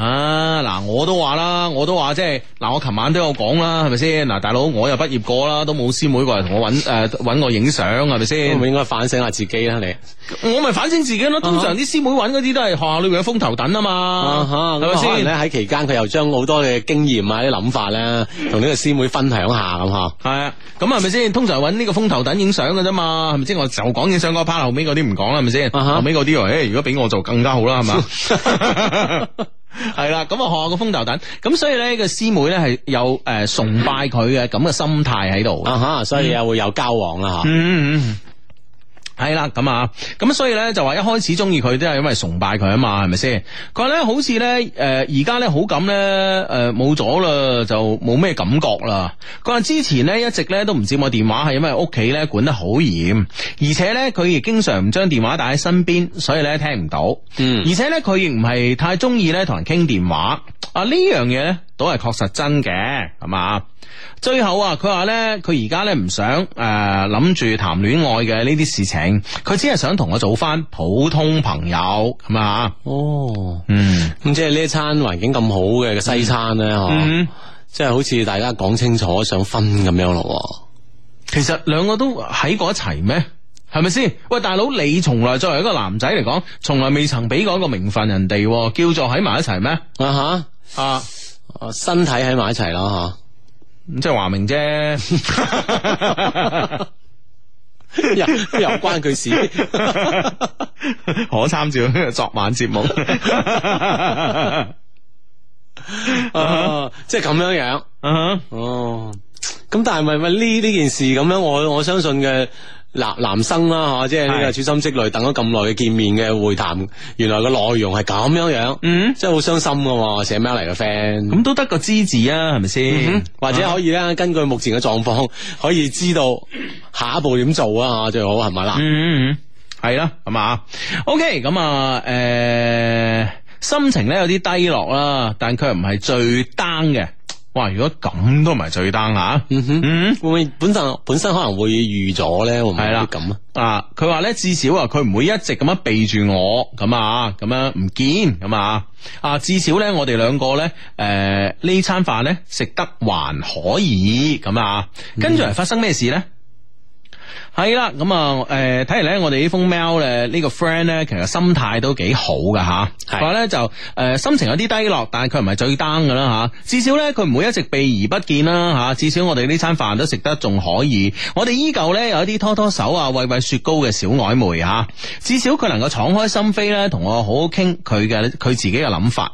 啊嗱，我都話啦，我都話即係嗱，我琴晚都有講啦，係咪先嗱？大佬我又畢業過啦，都冇師妹過嚟同我揾誒，揾我、呃、影相係咪先？我咪應該反省下自己，反省自己啦，你我咪反省自己咯。Huh. 通常啲師妹揾嗰啲都係學校裏邊嘅風頭躉啊嘛，吓咁咪先。喺期間佢又將好多嘅經驗啊啲諗法咧，同呢個師妹分享下咁嗬。係啊 樣，咁係咪先？通常揾呢個風頭躉影相嘅啫嘛，係咪先？我就講影相嗰 part，後尾嗰啲唔講啦，係咪先？後尾嗰啲誒，如果俾我做更加好啦，係嘛？係 啦，咁啊，學校個風頭躉咁所以咧個師妹咧係有誒、呃、崇拜佢嘅咁嘅心態喺度，啊吓、uh，huh, 所以啊會有交往啦吓。嗯、mm。Hmm. 係啦，咁啊，咁所以呢，就話一開始中意佢都係因為崇拜佢啊嘛，係咪先？佢話呢，好似呢，誒而家呢，好感呢，誒冇咗啦，就冇咩感覺啦。佢話之前呢，一直呢，都唔接我電話，係因為屋企呢，管得好嚴，而且呢，佢亦經常唔將電話帶喺身邊，所以呢，聽唔到。嗯，而且呢，佢亦唔係太中意呢，同人傾電話。啊呢樣嘢咧，都係確實真嘅，係嘛？最後啊，佢話咧，佢而家咧唔想誒諗住談戀愛嘅呢啲事情，佢只係想同我做翻普通朋友，係嘛？哦，嗯，咁即係呢一餐環境咁好嘅西餐咧，嗬、嗯，啊、即係好似大家講清楚想分咁樣咯。嗯、其實兩個都喺過一齊咩？係咪先？喂，大佬，你從來作為一個男仔嚟講，從來未曾俾過一個名份人哋叫做喺埋一齊咩？啊哈！啊！身體喺埋一齊啦，吓，咁即係華明啫，又又關佢事，可參照呢個昨晚節目。即係咁樣樣，啊，哦， 咁但係咪咪呢呢件事咁樣？我我相信嘅。男男生啦吓，即係呢個處心積慮是等咗咁耐嘅見面嘅會談，原來個內容係咁樣樣，嗯，真係好傷心噶喎，寫咩嚟嘅 friend？咁都得個知字啊，係咪先？嗯、哼或者可以咧，根據目前嘅狀況，可以知道下一步點做啊吓，最好係咪啦？嗯嗯嗯，係啦，係嘛？OK，咁啊，誒、呃，心情咧有啲低落啦，但佢唔係最 down 嘅。哇！如果咁都唔係最 d o 啊，嗯哼，嗯會唔會本身本身可能會預咗咧？會唔會咁啊？啊！佢話咧，至少啊，佢唔會一直咁樣避住我咁啊，咁樣唔、啊、見咁啊，啊！至少咧，我哋兩個咧，誒、呃、呢餐飯咧食得還可以咁啊，跟住嚟發生咩事咧？嗯係啦，咁啊，誒，睇嚟咧，我哋呢封 mail 咧，呢個 friend 咧，其實心態都幾好噶吓。佢咧就誒，心情有啲低落，但係佢唔係最 down 噶啦吓。至少咧，佢唔會一直避而不見啦吓。至少我哋呢餐飯都食得仲可以。我哋依舊咧有一啲拖拖手啊，餵餵雪糕嘅小曖昧吓。至少佢能夠敞開心扉咧，同我好好傾佢嘅佢自己嘅諗法。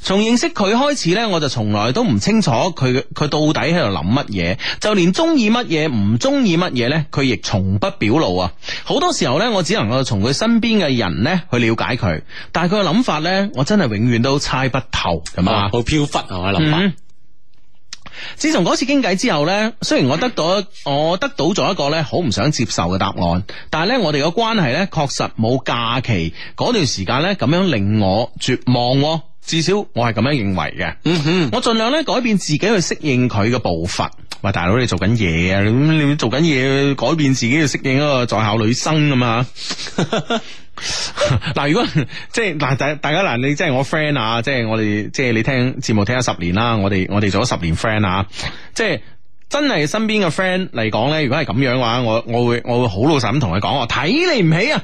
從認識佢開始呢，我就從來都唔清楚佢佢到底喺度諗乜嘢，就連中意乜嘢唔中意乜嘢呢，佢亦從不表露啊！好多時候呢，我只能夠從佢身邊嘅人呢去了解佢，但係佢嘅諗法呢，我真係永遠都猜不透，係嘛？哦、好飄忽啊，我嘅諗法。嗯、自從嗰次傾偈之後呢，雖然我得到我得到咗一個呢好唔想接受嘅答案，但係呢，我哋嘅關係呢，確實冇假期。嗰段時間呢，咁樣令我絕望。至少我係咁樣認為嘅，嗯哼，我盡量咧改變自己去適應佢嘅步伐。喂，大佬你做緊嘢啊？你做緊嘢，改變自己去適應一個在校女生㗎嘛？嗱， 如果即係嗱大大家嗱，你即係我 friend 啊，即係我哋即係你聽節目聽咗十年啦，我哋我哋做咗十年 friend 啊，即係。真係身邊嘅 friend 嚟講咧，如果係咁樣嘅話，我我會我會好老實咁同佢講，我睇你唔起啊，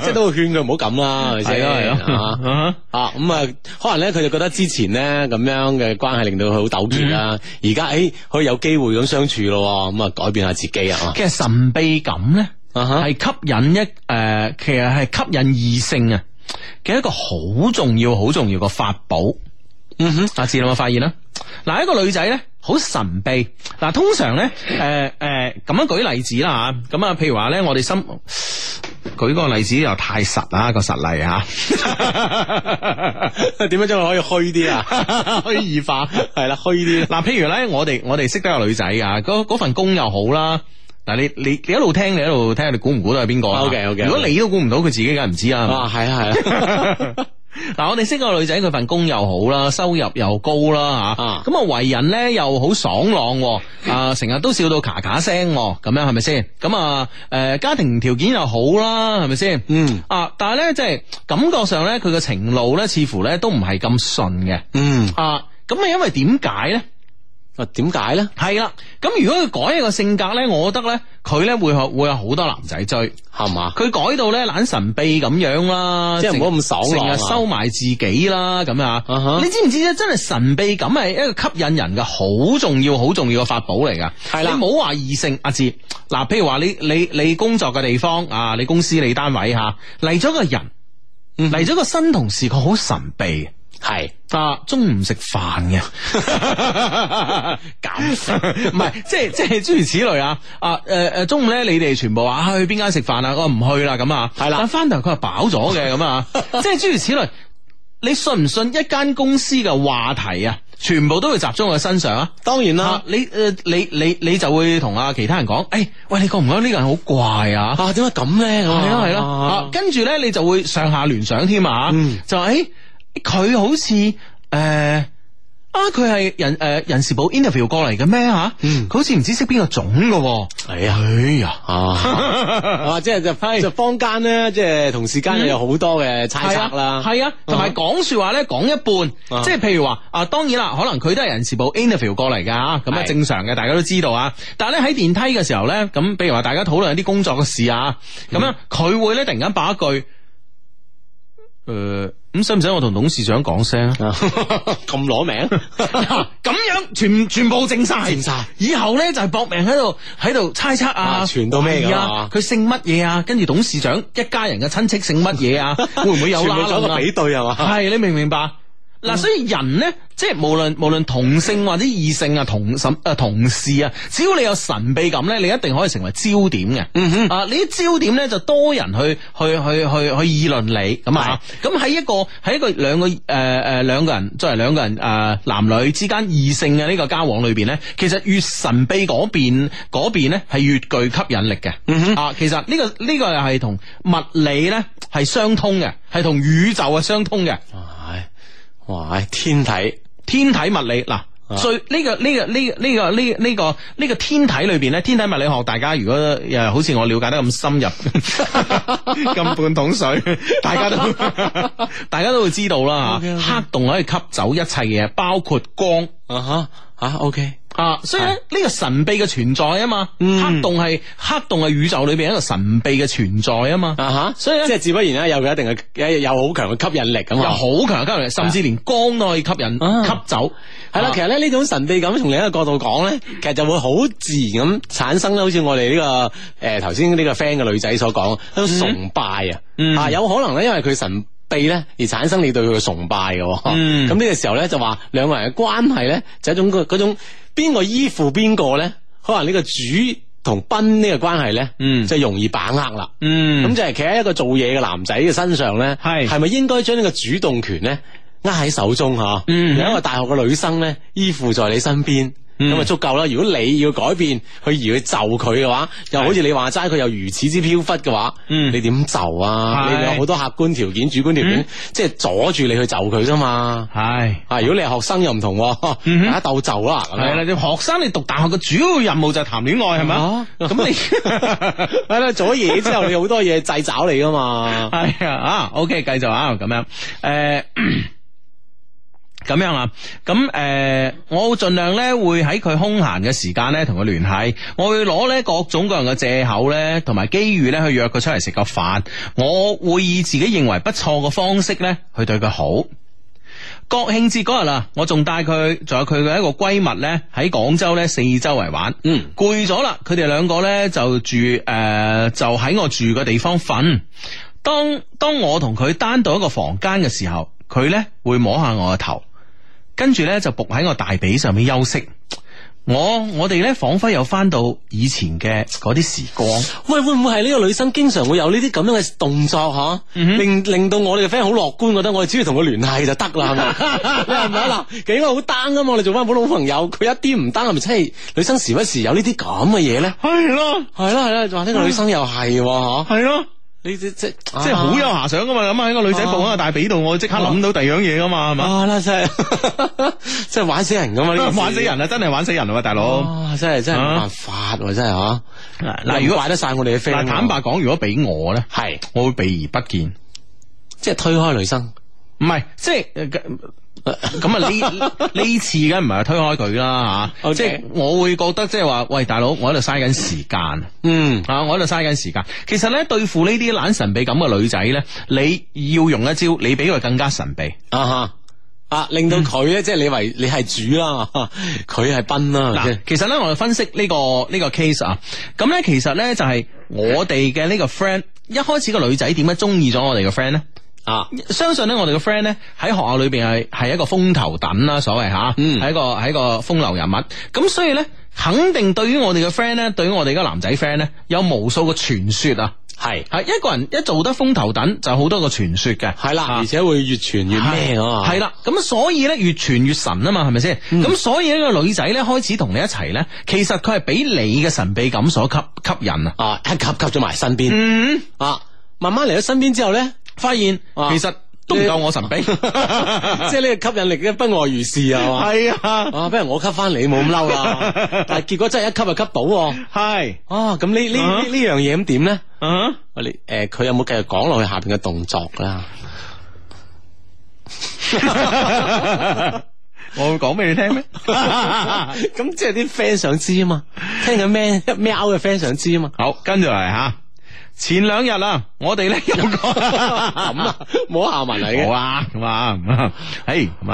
即係都會勸佢唔好咁啦。係咯，啊
咁
啊，可能咧佢就覺得之前咧咁樣嘅關係令到佢好糾結啦。而家誒可以有機會咁相處咯，咁、嗯、啊、嗯、改變下自己啊。其實神秘感咧係、嗯、吸引一誒、呃，其實係吸引異性啊嘅一個好重要、好重要個法寶、嗯。嗯哼，阿志有冇發現咧？嗱，一個女仔咧。好神秘嗱，通常咧，誒、呃、誒，咁、呃、樣舉例子啦吓，咁啊，譬如話咧，我哋心舉個例子又太實啦、啊、個實例吓，點、啊、 樣將佢可以虛啲 而化 啊？虛化係啦，虛啲。嗱，譬如咧，我哋我哋識得個女仔啊，嗰份工又好啦。嗱，你你你一路聽你一路聽，你估唔估到係邊個？O K O K。Okay, okay, okay, okay. 如果你都估唔到佢自己，梗係唔知啊。哇，係啊係啊。了 嗱，我哋識個女仔，佢份工又好啦，收入又高啦吓，咁啊為人咧又好爽朗， 啊成日都笑到咔咔聲喎，咁樣係咪先？咁啊，誒家庭條件又好啦，係咪先？嗯啊，但係咧即係感覺上咧，佢個情路咧似乎咧都唔係咁順嘅。嗯啊，咁啊因為點解咧？啊，點解咧？係啦，咁如果佢改一個性格咧，我覺得咧，佢咧會學會有好多男仔追，係嘛嗎？佢改到咧，懶神秘咁樣啦，
即係唔好咁守，成日收
埋自己啦，咁啊？Uh huh. 你知唔知咧？真係神秘感係一個吸引人嘅好重要、好重要嘅法寶嚟噶。係啦的、啊，你冇話異性，阿志嗱，譬如話你你你工作嘅地方啊，你公司你單位吓嚟咗個人，嚟咗、嗯、個新同事，佢好神秘。係啊，中午食飯嘅，
減肥唔係，即係即係
諸如此類啊啊誒誒，中午咧你哋全部話去邊間食飯啊？我唔去啦咁啊，係啦。但翻頭佢係飽咗嘅咁啊，即係諸如此類。你信唔信？一間公司嘅話題啊，全部都會集中喺佢身上啊。當然啦，你誒你你你就會同啊其他人講，誒喂，你覺唔覺得呢個人好怪啊？啊，點解咁咧？係咯係咯，跟住咧，你就會上下聯想添啊，就誒。佢好似誒啊，佢、呃、係人誒、呃、人事部 interview 過嚟嘅咩吓？佢、嗯、好似唔知，知識邊個種嘅。係 啊，係啊，啊，啊，即係就翻就坊間咧，即係同事間有好多嘅猜測啦。係啊，同埋講說話咧，講一半，即係譬如話啊，當然啦，可能佢都係人事部 interview 過嚟嘅吓，咁啊正常嘅，大家都知道啊。是但係咧喺電梯嘅時候咧，咁譬如話大家討論一啲工作嘅事啊，咁樣佢會咧突然間把一句，誒、呃。呃咁使唔使我同董事長講聲、 就是、啊？咁攞名，咁樣全全部正晒，以後咧就係搏命喺度喺度猜測啊！傳到咩噶嘛？佢姓乜嘢啊？跟住董事長一家人嘅親戚姓乜嘢啊？ 會唔會有啦、啊？個比對啊？嘛？係你明唔明白？嗱，所以人咧，即係無論無論同性或者異性啊，同什誒同事啊，只要你有神秘感咧，你一定可以成為焦點嘅。嗯哼，啊，呢啲焦點咧就多人去去去去去議論你咁啊。咁喺、嗯、哼一個喺一個兩個誒誒兩個人，作為兩個人誒、呃、男女之間異性嘅呢個交往裏邊咧，其實越神秘嗰邊嗰邊咧係越具吸引力嘅。嗯、哼，啊，其實呢個呢個又係同物理咧係相通嘅，係同宇，宇宙係相通嘅。係。哇！天體天體物理嗱，最呢、啊呢個呢、呢個呢呢、呢個呢、呢個呢、呢個呢個呢個天體裏邊咧，天體物理學大家如果又、呃、好似我了解得咁深入咁 半桶水，大家都 大家都會知道啦吓，okay, okay. 黑洞可以吸走一切嘢，包括光啊哈。Uh huh. 啊、ah,，OK，啊，ah, 所以咧呢是個神秘嘅存在啊嘛、mm. 黑，黑洞係黑洞係宇宙裏邊一個神秘嘅存在啊嘛，啊哈、uh，huh. 所以咧即係自不然咧有佢一定係有好強嘅吸引力咁、uh huh. 有好強嘅吸引力，甚至連光都可以吸引、uh huh. 吸走，係啦、uh huh.，其實咧呢種神秘感從另一個角度講咧，其實就會好自然咁產生啦，好似我哋呢、這個誒頭先呢個 friend 嘅女仔所講，喺度崇拜、mm hmm. mm hmm. 啊，啊有可能咧因為佢神地咧而產生你對佢嘅崇拜嘅，咁呢、嗯、個時候咧就話兩個人嘅關係咧就一種嗰、嗰種邊個依附邊個咧，可能呢個主同賓呢個關係咧，嗯、就容易把握啦。咁、嗯、就係企喺一個做嘢嘅男仔嘅身上咧，係，係咪應該將呢個主動權咧握喺手中吓？有、嗯、一個大學嘅女生咧依附在你身邊。咁咪足夠啦！如果你要改變，去而去就佢嘅話，又好似你話齋，佢又如此之飄忽嘅話，嗯，你點就啊？你有好多客觀條件、主觀條件，即係阻住你去就佢啫嘛。係啊，如果你係學生又唔同，大家鬥就啦。係啦，你學生你讀大學嘅主要任務就係談戀愛係咪？咁你，係啦，做咗嘢之後，你好多嘢掣找你噶嘛。係啊，啊，OK，繼續啊，咁樣，誒。咁樣啦，咁、呃、誒，我會盡量咧，會喺佢空閒嘅時間咧，同佢聯繫。我會攞咧各種各樣嘅借口咧，同埋機遇咧，去約佢出嚟食個飯。我會以自己認為不錯嘅方式咧，去對佢好。國慶節嗰日啦，我仲帶佢，仲有佢嘅一個閨蜜咧，喺廣州咧四周圍玩。嗯，攰咗啦，佢哋兩個咧就住誒、呃，就喺我住嘅地方瞓。當當我同佢單獨一個房間嘅時候，佢咧會摸下我嘅頭。跟住咧就伏喺我大髀上面休息，我我哋咧仿佛又翻到以前嘅嗰啲時光。喂，會唔會係呢個女生經常會有呢啲咁樣嘅動作吓？啊嗯、哼令令到我哋嘅 friend 好樂觀，我覺得我哋只要同佢聯繫就得啦，係咪？ 係咪啊？其實應該好 down 噶嘛，你做翻好老朋友，佢一啲唔 down，係咪即係？女生時不時有這這呢啲咁嘅嘢咧，係咯啦，係咯， 係咯，就話呢個女生又係，吓係咯。是啦
你即即即好有
遐想噶嘛？咁啊，喺個女仔部喺個大髀度，我即刻諗到第二樣嘢噶嘛？係嘛？啊，真係即係玩死人噶嘛！玩死人啊，真係玩死人啦，大佬！真係真係冇辦法，真係吓。
嗱，如果壞得晒我哋嘅飛，坦
白講，如果俾我咧，係我會避而不見，即係推開女生，唔係即係。咁啊呢呢次梗唔係推開佢啦吓，Okay. 即係我會覺得即係話，喂，大佬，我喺度嘥緊時間，嗯吓、啊，我喺度嘥緊時間。其實咧對付呢啲懶神秘咁嘅女仔咧，你要用一招，你比佢更加神秘啊吓啊，令到佢咧、嗯、即係你為你係主啦、啊，佢係賓啦。嗱、啊，其實咧我哋分析呢、呢個呢、呢個 case 啊，咁咧其實咧就係我哋嘅呢個 friend，一開始個女仔點解中意咗我哋嘅 friend 咧？啊！相信咧，我哋嘅 friend 咧，喺學校裏邊係係一個風頭躉啦，所謂吓，係、嗯、一個係一個風流人物。咁所以咧，肯定對於我哋嘅 friend 咧，對於我哋嗰個男仔 friend 咧，有無數個傳說啊。係啊，是，一個人一做得風頭躉，就好多個傳說嘅。係啦，而且會越傳越咩啊？係啦、啊，咁所以咧，越傳越神啊嘛，係咪先？咁、嗯、所以呢個女仔咧，開始同你一齊咧，其實佢係俾你嘅神秘感所吸吸引啊，一吸吸咗埋身邊。
嗯
啊，慢慢嚟咗身邊之後咧。發現其實都唔夠我神兵，即係呢個吸引力嘅不外如是啊嘛。係吧是的 啊，啊，不如我吸翻你，冇咁嬲啦。是的 但係結果真係一吸就吸到，係是的 啊。咁、啊這個這個、呢呢呢樣嘢咁點咧？啊，啊，你誒，佢、呃、有冇繼續講落去下邊嘅動作啦？ 我會講俾你聽咩？咁 即係啲 friend 想知啊嘛，聽緊咩一喵嘅 friend 想知啊嘛。好，跟住嚟吓。前兩日啦、啊，我哋咧又講冇下文你，嘅。冇啊，咁啊，誒，咁啊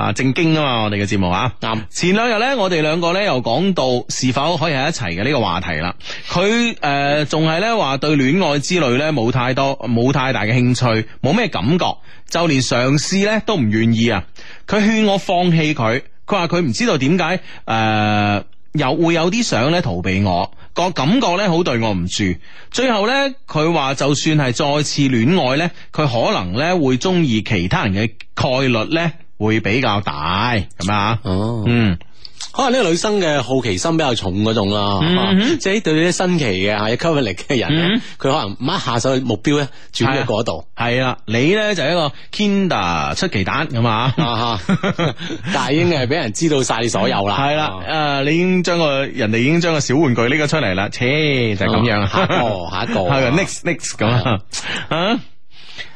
，hey，正經啊嘛，我哋嘅節目啊。啱。前兩日咧，我哋兩個咧又講到是否可以喺一齊嘅呢個話題啦。佢誒仲係咧話對戀愛之類咧冇太多冇太大嘅興趣，冇咩感覺，就連嘗試咧都唔願意啊。佢勸我放棄佢，佢話佢唔知道點解誒又會有啲相咧圖俾我。個感覺咧好對我唔住，最後咧佢話就算係再次戀愛咧，佢可能咧會中意其他人嘅概率咧會比較大咁啊哦，嗯。可能呢個女生嘅好奇心比較重嗰種啦，嗯、哼即係對啲新奇嘅吓有吸引力嘅人，佢、嗯、可能唔一下手去目標咧轉喺度。係啦，你咧就一個 Kinder 出奇蛋咁啊， 但係已經係俾人知道晒你所有啦。係啦了，誒、啊，你已經將個人哋已經將個小玩具呢個出嚟啦，切就咁、是、樣、啊。下一個下一個，係啊 ，next next 咁啊，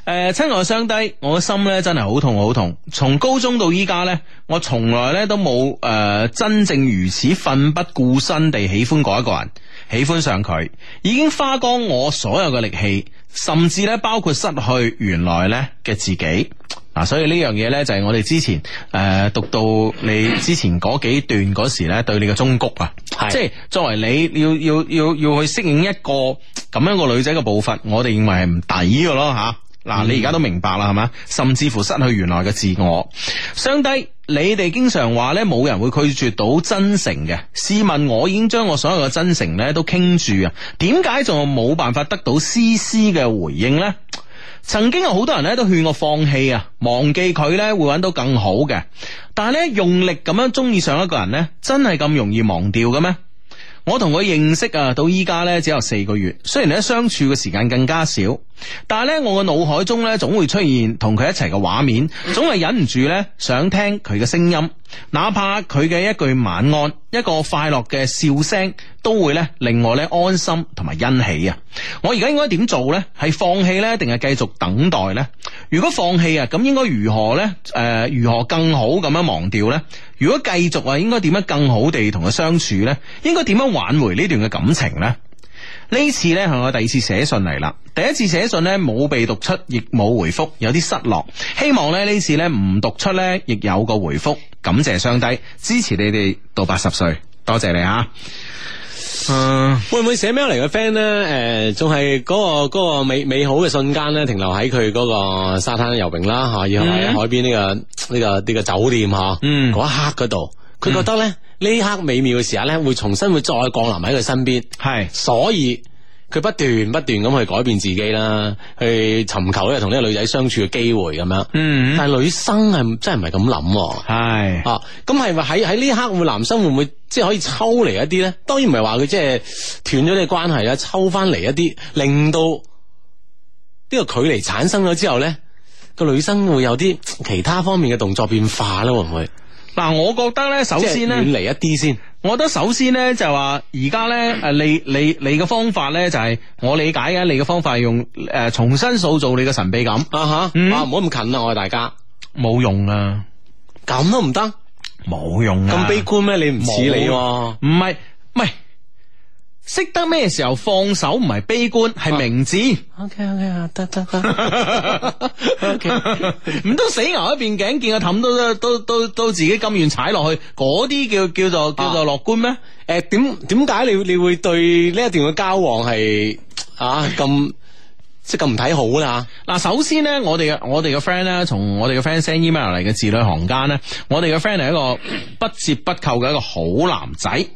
誒，親、呃、愛相低，我心咧真係好痛，痛，好痛。從高中到依家呢，我從來咧都冇誒、呃、真正如此奮不顧身地喜歡過一個人，喜歡上佢，已經花光我所有嘅力氣，甚至咧包括失去原來咧嘅自己啊。所以呢樣嘢呢，就係、是、我哋之前誒、呃、讀到你之前嗰幾段嗰時咧，對你嘅忠告啊，是即係作為你要要要要去適應一個咁樣個女仔嘅步伐，我哋認為係唔抵嘅咯吓。啊嗱，嗯、你而家都明白啦，係嘛？甚至乎失去原來嘅自我。相低，你哋經常話呢，冇人會拒絕到真誠嘅。試問我已經將我所有嘅真誠呢都傾住啊，點解仲冇辦法得到絲絲嘅回應呢？曾經有好多人呢都勸我放棄啊，忘記佢呢會揾到更好嘅。但係呢，用力咁樣中意上一個人呢，真係咁容易忘掉嘅咩？我同佢認識啊，到依家呢，只有四個月，雖然呢，相處嘅時間更加少。但係咧，我嘅腦海中咧總會出現同佢一齊嘅畫面，總係忍唔住咧想聽佢嘅聲音，哪怕佢嘅一句晚安，一個快樂嘅笑聲，都會咧令我咧安心同埋欣喜啊！我而家應該點做呢？係放棄呢？定係繼續等待呢？如果放棄啊，咁應該如何呢？誒、呃，如何更好咁樣忘掉呢？如果繼續啊，應該點樣更好地同佢相處呢？應該點樣挽回呢段嘅感情呢？呢次呢係我第二次寫信嚟啦，第一次寫信呢，冇被讀出，亦冇回覆，有啲失落。希望呢呢次呢，唔讀出呢，亦有個回覆。感謝上帝支持你哋到八十歲，多謝你啊！Uh, 會唔會寫咩嚟嘅 friend 呢，誒、嗰個，仲係嗰個個美美好嘅瞬間呢，停留喺佢嗰個沙灘游泳啦吓，然後喺海邊呢、呢個呢、呢個呢、呢個酒店吓，嗰一刻嗰度，佢覺得呢。嗯呢刻美妙嘅時候咧，會重新會再降臨喺佢身邊。係，所以佢不斷不斷咁去改變自己啦，去尋求一同呢個女仔相處嘅機會咁樣。嗯，嗯，但係女生係真係唔係咁諗。係，哦，咁係咪喺喺呢一刻，會男生會唔會即係、就是、可以抽離一啲咧？當然唔係話佢即係斷咗啲個關係啦，抽翻嚟一啲，令到呢個距離產生咗之後咧，個女生會有啲其他方面嘅動作變化咧，會唔會？嗱，我覺得咧，首先咧，遠離一啲先。我覺得首先咧，就話而家咧，誒，你你你嘅方法咧，就係、是、我理解嘅，你嘅方法係用誒、呃，重新塑造你嘅神秘感啊吓哈，嗯、啊，唔好咁近啊我哋大家。冇用啊，咁都唔得，冇用啊，啊咁悲觀咩？你唔似你、啊，唔係，唔係。識得咩時候放手，唔係悲觀，係明智。
OK OK 啊，得得
得，唔通 死牛一邊頸，見個氹都都都都自己甘願踩落去，嗰啲叫叫做叫做樂觀咩？誒、啊，點點解你你會對呢一段嘅交往係啊咁即係咁唔睇好啦？嗱、啊，首先咧，我哋嘅我哋嘅 friend 咧，從我哋嘅 friend send email 嚟嘅字裡行間咧，我哋嘅 friend 係一個不折不扣嘅一個好男仔。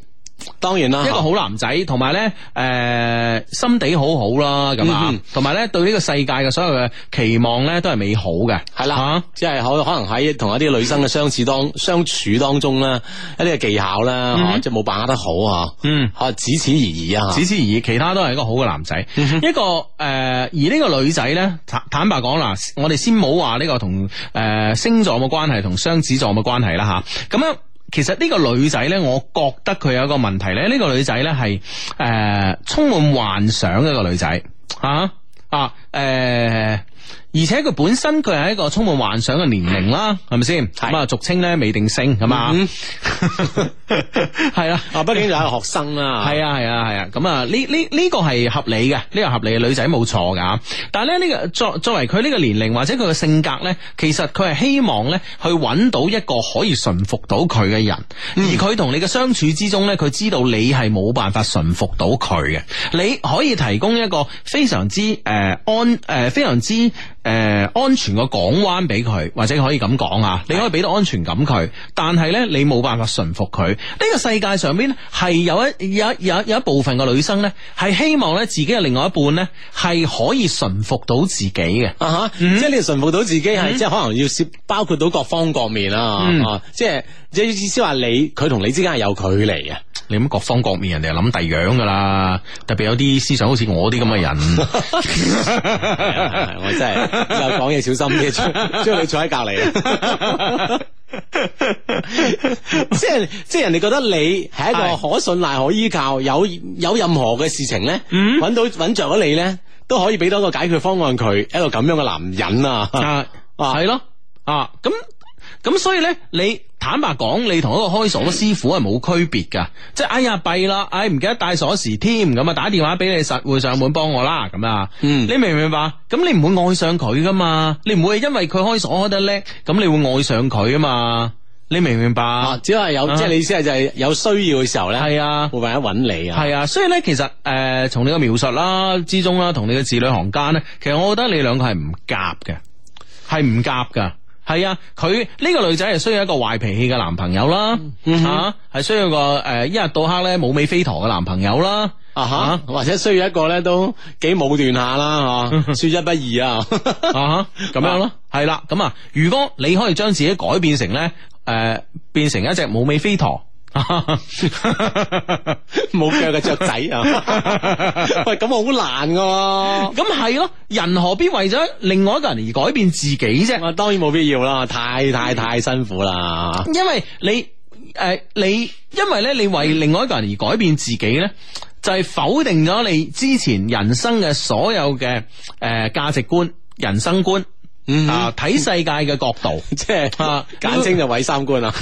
當然啦，一個好男仔，同埋咧，誒、呃，心地好好啦，咁啊，同埋咧，對呢個世界嘅所有嘅期望咧，都係美好嘅，係啦、嗯哼，啊、即係可可能喺同一啲女生嘅相處當、嗯、哼相處當中啦，一啲嘅技巧啦，即係冇把握得好啊，嗯，只此而已啊，只此而已，其他都係一個好嘅男仔，嗯、哼一個誒、呃，而呢個女仔咧，坦坦白講啦，我哋先冇話呢個同誒星座嘅關係同雙子座嘅關係啦，吓，咁樣。其實呢個女仔咧，我覺得佢有一個問題咧，呢個女仔咧係誒充滿幻想嘅一個女仔吓啊誒。啊呃而且佢本身佢係一個充滿幻想嘅年齡啦，係咪先咁啊？俗稱咧未定性，係嘛？係 啊，啦，畢竟又係學生啦。係啊，係 啊，係啊。咁 啊，呢呢呢個係合理嘅，呢個合理嘅女仔冇錯噶。但係咧呢個作作為佢呢個年齡或者佢嘅性格咧，其實佢係希望咧去揾到一個可以馴服到佢嘅人，嗯、而佢同你嘅相處之中咧，佢知道你係冇辦法馴服到佢嘅。 你可以提供一個非常之誒安誒非常之。誒，安全個港灣俾佢，或者可以咁講啊，你可以俾到安全感佢，是但係呢，你冇辦法馴服佢。呢、這個世界上邊係有一有有有一部分個女生呢，係希望呢自己嘅另外一半呢，係可以馴服到自己嘅啊吓，即係馴服到自己係，嗯、即係可能要涉包括到各方各面啦、嗯啊，即係即係意思話你佢同你之間係有距離嘅。你咁各方各面，人哋諗第樣噶啦，特別有啲思想好似我啲咁嘅人，我真係就講嘢小心啲，將你坐喺隔籬，
即係
即係人哋覺得你係一個可信賴、可依靠，有有任何嘅事情咧，揾到揾着咗你咧，都可以俾到個解決方案佢一個咁樣嘅男人 啊， 啊係咯啊咁。咁所以咧，你坦白講，你同一個開鎖師傅係冇區別噶，即係哎呀弊啦，哎唔記得帶鎖匙添，咁啊打電話俾你實會上門幫我啦，咁啊，嗯，你明唔明白？咁你唔會愛上佢噶嘛，你唔會因為佢開鎖開得叻，咁你會愛上佢啊嘛？你明唔明白，啊？只係有，啊、即係你意思係就係有需要嘅時候咧，係啊，會搵一搵你啊，係啊，所以咧其實誒，從、呃、你嘅描述啦之中啦，同你嘅字裏行間咧，其實我覺得你兩個係唔夾嘅，係唔夾噶。係啊，佢呢、這個女仔係需要一個壞脾氣嘅男朋友啦，吓係、嗯哼啊、需要個誒、呃、一日到黑咧冇尾飛陀嘅男朋友啦，啊吓，啊哈或者需要一個咧都幾武斷下啦，吓、 啊，說一不二啊，咁樣咯，係啦，咁啊，如果你可以將自己改變成咧，誒、呃，變成一隻冇尾飛陀。冇腳嘅雀仔啊！ 喂，咁好難噶、啊，咁係咯，人何必為咗另外一個人而改變自己啫？啊，當然冇必要啦，太太太辛苦啦、 呃！因為你誒，你因為咧，你為另外一個人而改變自己咧，就係、是、否定咗你之前人生嘅所有嘅誒價值觀、人生觀。嗯，啊，睇世界嘅角度，即係是、啊、簡稱就毀三觀啦。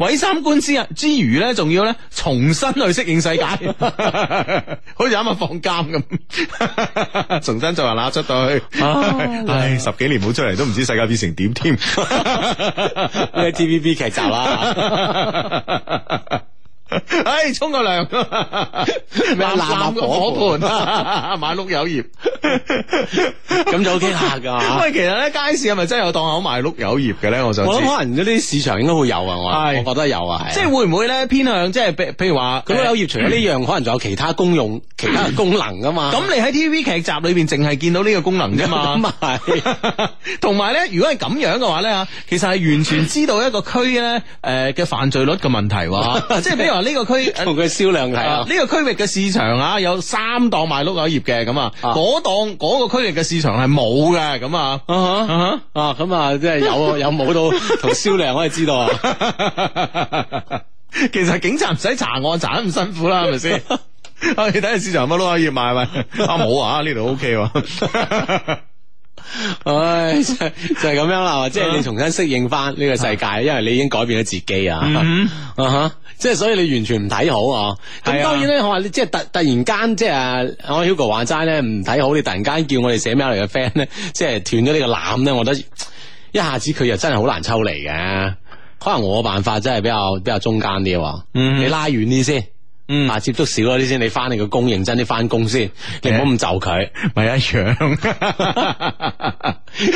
毀 三觀之之，餘咧，仲要咧，重新去適應世界， 好似啱啱放監咁，重新就話啦出到去，啊、 唉，十幾年冇出嚟，都唔知世界變成點添。呢個 T V B 劇集啦。
哎，沖個涼，攞個果盤，
買碌柚葉，
咁就 OK 下噶。喂，其
實咧，街市係咪真係有檔口賣碌柚葉嘅咧？我想我可能嗰啲市場應該會有啊。我，我覺得有啊。即係會唔會咧偏向？即係譬如話，碌柚葉除咗呢樣，可能仲有其他功用、其他功能噶嘛？咁你喺 TV 劇集裏邊，淨係見到呢個功能啫嘛？咁啊係。同埋咧，如果係咁樣嘅話咧，其實係完全知道一個區咧誒嘅犯罪率嘅問題喎。即係譬如話。呢個區同佢銷量係啊，呢個區域嘅、啊、市場啊有三檔賣碌柚葉嘅，咁、那個、啊，嗰檔嗰個區域嘅市場係冇嘅，咁啊，哈啊，啊啊啊咁啊，即係有啊，有冇到同銷量我哋知道啊。 其實警察唔使查案，查得咁辛苦啦，係咪先？ 你睇下市場乜碌柚葉賣咪 啊，冇啊？呢度 O K。唉， 就係咁樣啦，即係你重新適應翻呢個世界，因為你已經改變咗自己啊，即係、
mm
hmm. uh huh, 所以你完全唔睇好啊。咁、mm hmm. 當然咧，我話你即係突突然間即係我 Hugo 話齋咧唔睇好你，突然間、就是、叫我哋寫咩嚟嘅 friend 咧，即係斷咗呢個纜咧，我覺得一下子佢又真係好難抽離嘅。可能我嘅辦法真係比較比較中間啲，mm hmm. 你拉遠啲先。嗯，啊，接觸少啲先，你翻你個工認真啲翻工先，你唔好咁就佢，咪一樣，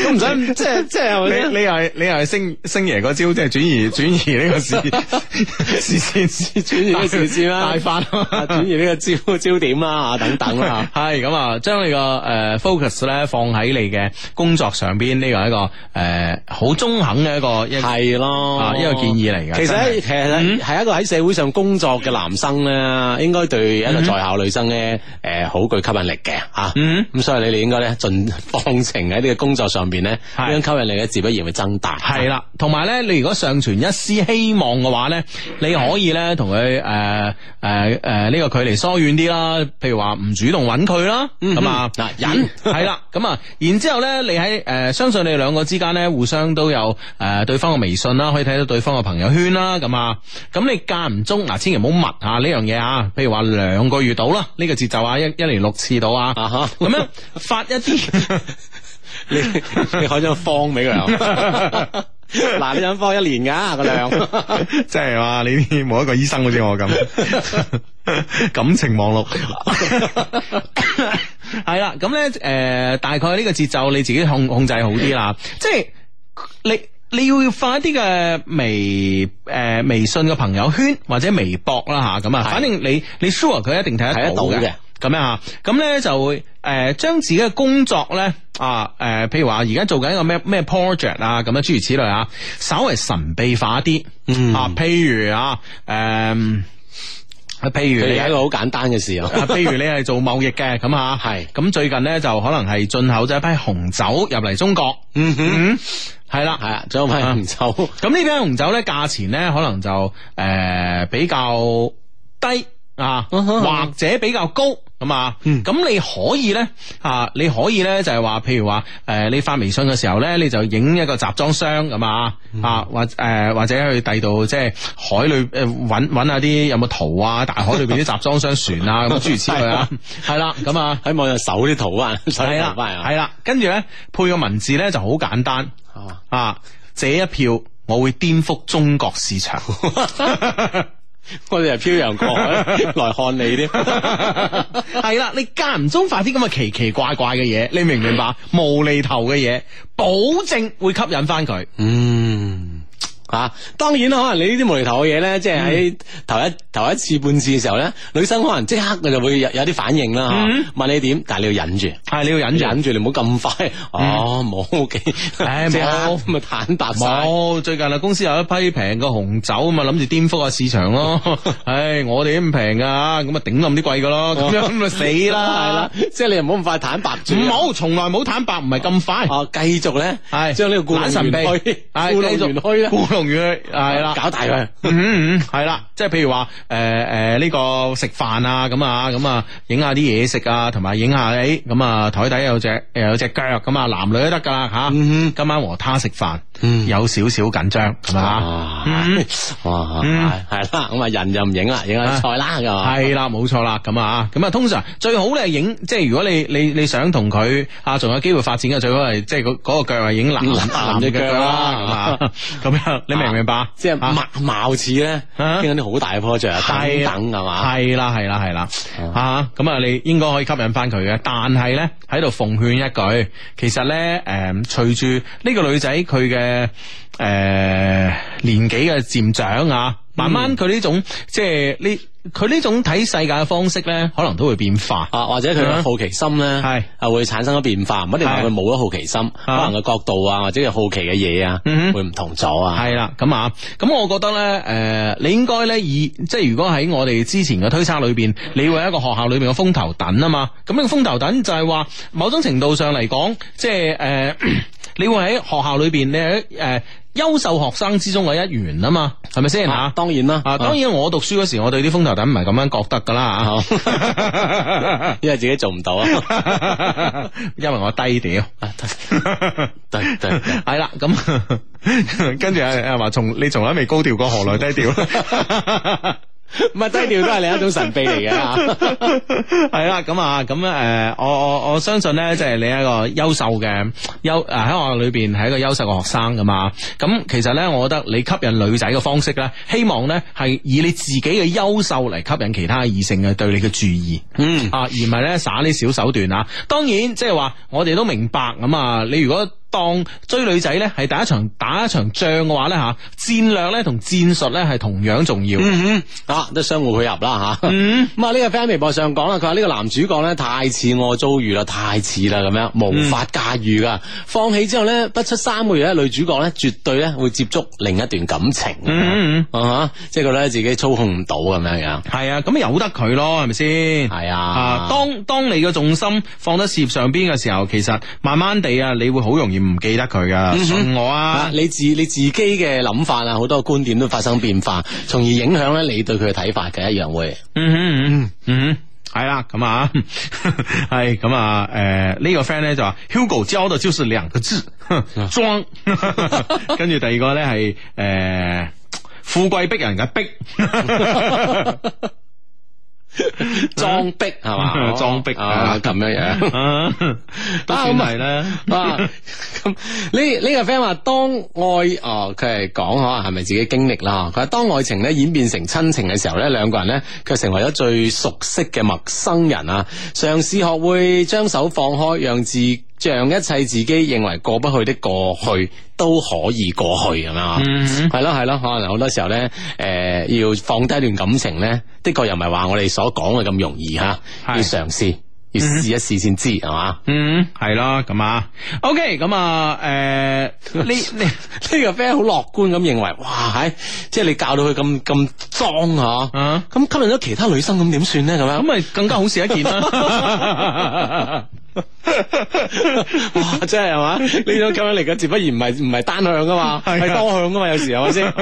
都唔
使，即係即係，你
你又係你又係星星爺嗰招，即係轉移轉移呢個事，視線轉移啲視線啦，帶翻，轉移呢個焦焦點啦，等等啦，係咁啊，將你個誒 focus 咧放喺你嘅工作上邊，呢個係一個誒好中肯嘅一個，一係咯，一個建議嚟嘅。其實其實係一個喺社會上工作嘅男生咧。啊，應該對一個在校女生咧，誒，好具吸引力嘅吓。嗯，咁所以你哋應該咧，盡放情喺呢個工作上邊咧，呢種吸引力咧，自不然會增大。係啦，同埋咧，你如果上傳一絲希望嘅話咧，你可以咧，同佢誒誒誒呢個距離疏遠啲啦，譬如話唔主動揾佢啦，咁啊，嗱忍係啦，咁啊，然之後咧，你喺誒，相信你哋兩個之間咧，互相都有誒對方嘅微信啦，可以睇到對方嘅朋友圈啦，咁啊，咁你間唔中，嗱，千祈唔好密啊呢樣。嘢啊，譬如話兩個月到啦，呢、這個節奏啊，一一年六次到啊，咁樣發一啲， 你放 你開張方俾佢啊，嗱，你想放一年噶、啊、個量，即係話你冇一個醫生好似我咁， 感情網絡，係 啦， 咁咧，誒、呃，大概呢個節奏你自己控控制好啲啦，即、就、係、是、你。你要發一啲嘅微誒、呃、微信嘅朋友圈或者微博啦吓，咁啊，反正你你 sure 佢一定睇得到嘅。咁樣吓，咁咧就會誒將自己嘅工作咧啊誒、呃，譬如話而家做緊一個咩咩 project 啊，咁啊諸如此類啊，稍微神秘化一啲、嗯啊，啊譬如啊誒。呃啊，譬如你係一個好簡單嘅事咯。啊，譬如你係做貿易嘅，咁吓，係，咁最近咧就可能係進口咗一批紅酒入嚟中國， 嗯哼，係啦，係啦，將紅酒。咁呢批紅酒咧價錢咧可能就誒、呃、比較低。啊，或者比較高咁啊，咁你可以咧啊，你可以咧就係話，譬如話誒、呃，你發微信嘅時候咧，你就影一個集裝箱咁啊啊，或誒或者去第度即係海裏誒，搵搵下啲有冇圖啊，大海裏邊啲集裝箱船啊咁諸 如此類 啊。係啦，咁啊喺網上搜啲圖啊，係啊，係啦 呢，跟住咧配個文字咧就好簡單啊，這一票我會顛覆中國市場。 我哋係漂洋過海 來看你添，
係 啦 ，
你間唔中發啲咁嘅奇奇怪怪嘅嘢，你明唔明白？ 無厘頭嘅嘢，保證會吸引翻佢。嗯。吓，當然啦，可能你呢啲無厘頭嘅嘢咧，即係喺頭一、頭一次、半次嘅時候咧，女生可能即刻佢就會有有啲反應啦，問你點，但係你要忍住，係你要忍住，忍住你唔好咁快。哦，冇嘅，即係咪坦白，最近啊，公司有一批平嘅紅酒啊，嘛諗住顛覆下市場咯。唉，我哋都唔平噶，咁啊頂冧啲貴噶咯，咁樣咪死啦，係啦。即係你唔好咁快坦白。唔好，從來冇坦白，唔係咁快。哦，繼續咧，係將呢個故弄玄虛，故弄玄虛用係啦，搞大佢，係 啦、嗯嗯，即係譬如話誒誒呢個食飯啊咁啊咁啊影下啲嘢食啊，同埋影下誒咁啊台、哎啊、底下有隻又有隻腳咁啊男女都得噶啦吓，今晚和他食飯，嗯、有少少緊張係咪啊？嗯、哇，係啦、嗯，咁啊人就唔影啦，影下菜啦咁啊，係啦，冇錯啦，咁啊咁啊通常最好咧影即係如果你你你，你想同佢啊仲有機會發展嘅最好係即係嗰嗰個腳係影男男隻腳啦，咁樣。你明唔明白，啊？即係貌似咧，傾緊啲好大 project，啊，低等係嘛？係啦，係啦，係啦，吓咁啊！你應該可以吸引翻佢嘅，但係咧喺度奉勸一句，其實咧，誒、呃，隨住呢個女仔佢嘅誒年紀嘅漸長啊。嗯、慢慢佢呢種即係呢佢呢種睇世界嘅方式呢，可能都會變化啊，或者佢嘅好奇心呢，係係、嗯、會產生咗變化，唔一定話佢冇咗好奇心，嗯、可能個角度啊，或者佢好奇嘅嘢啊，嗯、會唔同咗啊。係啦、嗯，咁啊，咁、嗯、我覺得呢，誒、呃，你應該呢，以即係如果喺我哋之前嘅推測裏邊，你會喺一個學校裏邊嘅風頭躉啊嘛。咁、那、呢個風頭躉就係話，某種程度上嚟講，即係誒、呃，你會喺學校裏邊你，誒。呃優秀學生之中嘅一員啊嘛，係咪先吓？當然啦，啊，當然我讀書嗰時，我對啲風頭躉唔係咁樣覺得噶啦吓， 因為自己做唔到啊， 因為我低調， 對對，係啦，咁 跟住阿阿華從你從來未高調過，何來低調？ 唔係 低調都係另一種神秘嚟嘅， 係啦。咁啊，咁咧，誒，我我我相信呢，即係你係一個優秀嘅優誒，喺我裏邊係一個優秀嘅學生噶嘛。咁其實呢，我覺得你吸引女仔嘅方式呢，希望呢係以你自己嘅優秀嚟吸引其他異性嘅對你嘅注意，嗯啊，而唔係呢耍啲小手段啊。當然，即係話我哋都明白咁啊。你如果當追女仔咧，係第一場打一場仗嘅話咧吓，戰略咧同戰術咧係同樣重要，嗯嗯、啊，都相互配合啦吓。咁、嗯、啊，呢個 friend 微博上講啦，佢話呢個男主角咧太似我遭遇啦，太似啦，咁樣無法駕馭噶。放棄之後咧，不出三個月咧，女主角咧絕對咧會接觸另一段感情，即係覺得自己操控唔到咁樣樣。係啊，咁由得佢咯，係咪先？係、嗯、啊，當當你個重心放喺事業上邊嘅時候，其實慢慢地啊，你會好容易。唔記得佢噶，信、嗯、哼我啊，啊！你自你自己嘅諗法啊，好多觀點都發生變化，從而影響咧你對佢嘅睇法嘅，一樣會。嗯哼，嗯哼嗯，係啦，咁啊，係 咁啊，誒、呃，呢、這個 friend 咧就話，Hugo 教的就是兩個字，裝，跟住、啊、 第二個咧係誒，富貴逼人嘅逼。
裝逼係嘛？裝逼啊，咁樣嘢啊，當然係啦。啊，咁呢
呢個 friend 話，當愛哦，佢係講下係咪自己經歷啦？佢話當愛情咧演變成親情嘅時候咧，兩個人咧，佢成為咗最熟悉嘅陌生人啊，嘗試學會將手放開，讓自。讓一切自己認為過不去的過去都可以過去咁啊，係咯係咯，可能好多時候咧，誒、呃，要放低一段感情咧，的確又唔係話我哋所講嘅咁容易吓的，要嘗試、嗯哼，要試一試先知係嘛？嗯，係咯，咁啊，OK，咁啊，誒、呃，你你呢個 friend 好樂觀咁認為，哇，哎、即係你教到佢咁咁裝吓，咁、嗯、吸引咗其他女生咁點算咧咁樣，咁咪更加好事一件啦、啊。 哇，真係係嘛？呢 種咁樣嚟嘅，自不然唔係唔係單向噶嘛，係 多向噶嘛，有時係咪先？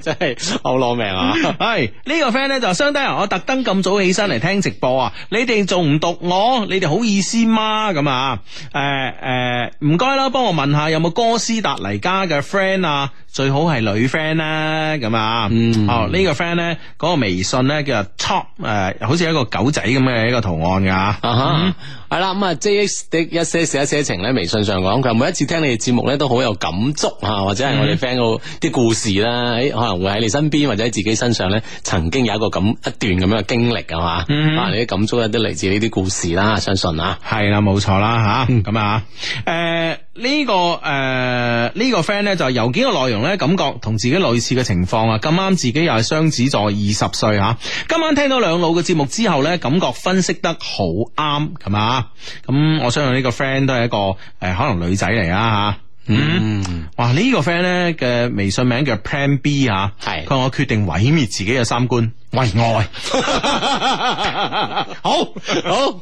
真係好攞命啊！係 呢、這個 friend 咧就相兄弟，我特登咁早起身嚟聽直播啊！你哋仲唔讀我？你哋好意思嗎？咁、呃呃、啊？誒誒，唔該啦，幫我問下有冇哥斯達黎加嘅 friend 啊？最好係女 friend 啦，咁啊，嗯、哦呢、這個 friend 咧，嗰個微信咧叫做 top，誒、呃，好似一個狗仔咁嘅一個圖案噶，吓、嗯，係啦、啊，咁啊，JX 的一些事一些情咧，微信上講佢每一次聽你哋節目咧都好有感觸啊，或者係我哋 friend 個啲故事啦，誒、嗯，可能會喺你身邊或者喺自己身上咧，曾經有一個咁一段咁樣嘅經歷、嗯、啊嘛，可能啲感觸都嚟自呢啲故事啦，相信、嗯、啊，係啦，冇錯啦，吓、呃，咁啊，誒。呢、這個誒呢、呃這個 friend 咧就係郵件嘅內容咧，感覺同自己類似嘅情況啊，咁啱自己又係雙子座，二十歲吓、啊，今晚聽到兩老嘅節目之後咧，感覺分析得好啱，係嘛？咁我相信呢個 friend 都係一個誒、呃，可能女仔嚟啊吓，嗯，嗯哇呢、這個 friend 咧嘅微信名叫 Plan B 啊，係佢的我決定毀滅自己嘅三觀。為愛
好好
其實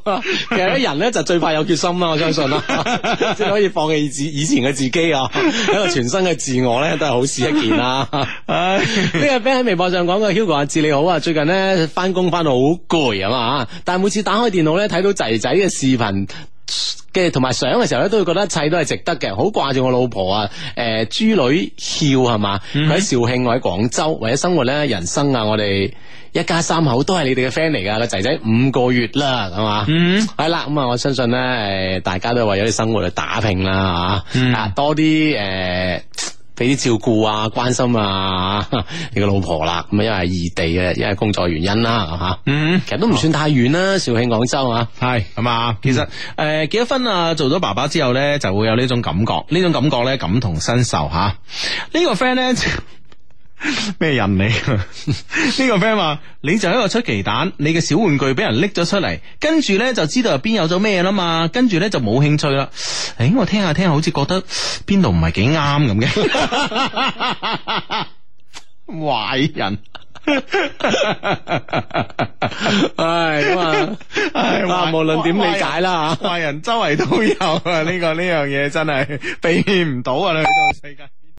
啲人咧就最快有決心啦，我相信啦， 即係可以放棄自以前嘅自己啊，一 個全新嘅自我咧都係好事一件啦、啊。呢個 friend 喺微博上講嘅，Hugo 阿志你好啊，最近咧翻工翻到好攰啊嘛，但係每次打開電腦咧睇到仔仔嘅視頻嘅同埋相嘅時候咧，都會覺得一切都係值得嘅。好掛住我老婆啊，誒、呃，豬女翹係嘛？喺、嗯、肇慶，我喺廣州，或者生活咧，人生啊，我哋。我一家三口都係你哋嘅 friend 嚟噶，個仔仔五個月啦，係嘛？嗯、mm，係啦，咁啊，我相信咧，誒，大家都為咗啲生活去打拼啦，吓、mm，啊、hmm.，多啲誒，俾啲照顧啊，關心啊， 你個老婆啦，咁因為異地嘅，因為工作原因啦、啊，吓、mm，嗯，其實都唔算太遠啦，肇慶、嗯、廣州啊，係，係嘛，其實誒，結咗婚啊，做咗爸爸之後咧，就會有呢種感覺，呢種感覺咧，感同身受吓，啊這個、呢個 friend 咧。 咩人嚟？呢 個 friend 話你就係一個出奇蛋，你嘅小玩具俾人拎咗出嚟，跟住咧就知道入邊有咗咩啦嘛，跟住咧就冇興趣啦。誒、欸，我聽下聽下，好似覺得邊度唔係幾啱咁嘅壞人。唉、 哎，咁、嗯、啊，唉、哎，無論點理解
啦，壞人，人，人周圍都有啊。呢、這個呢樣嘢真係避唔到啊！你去到世界。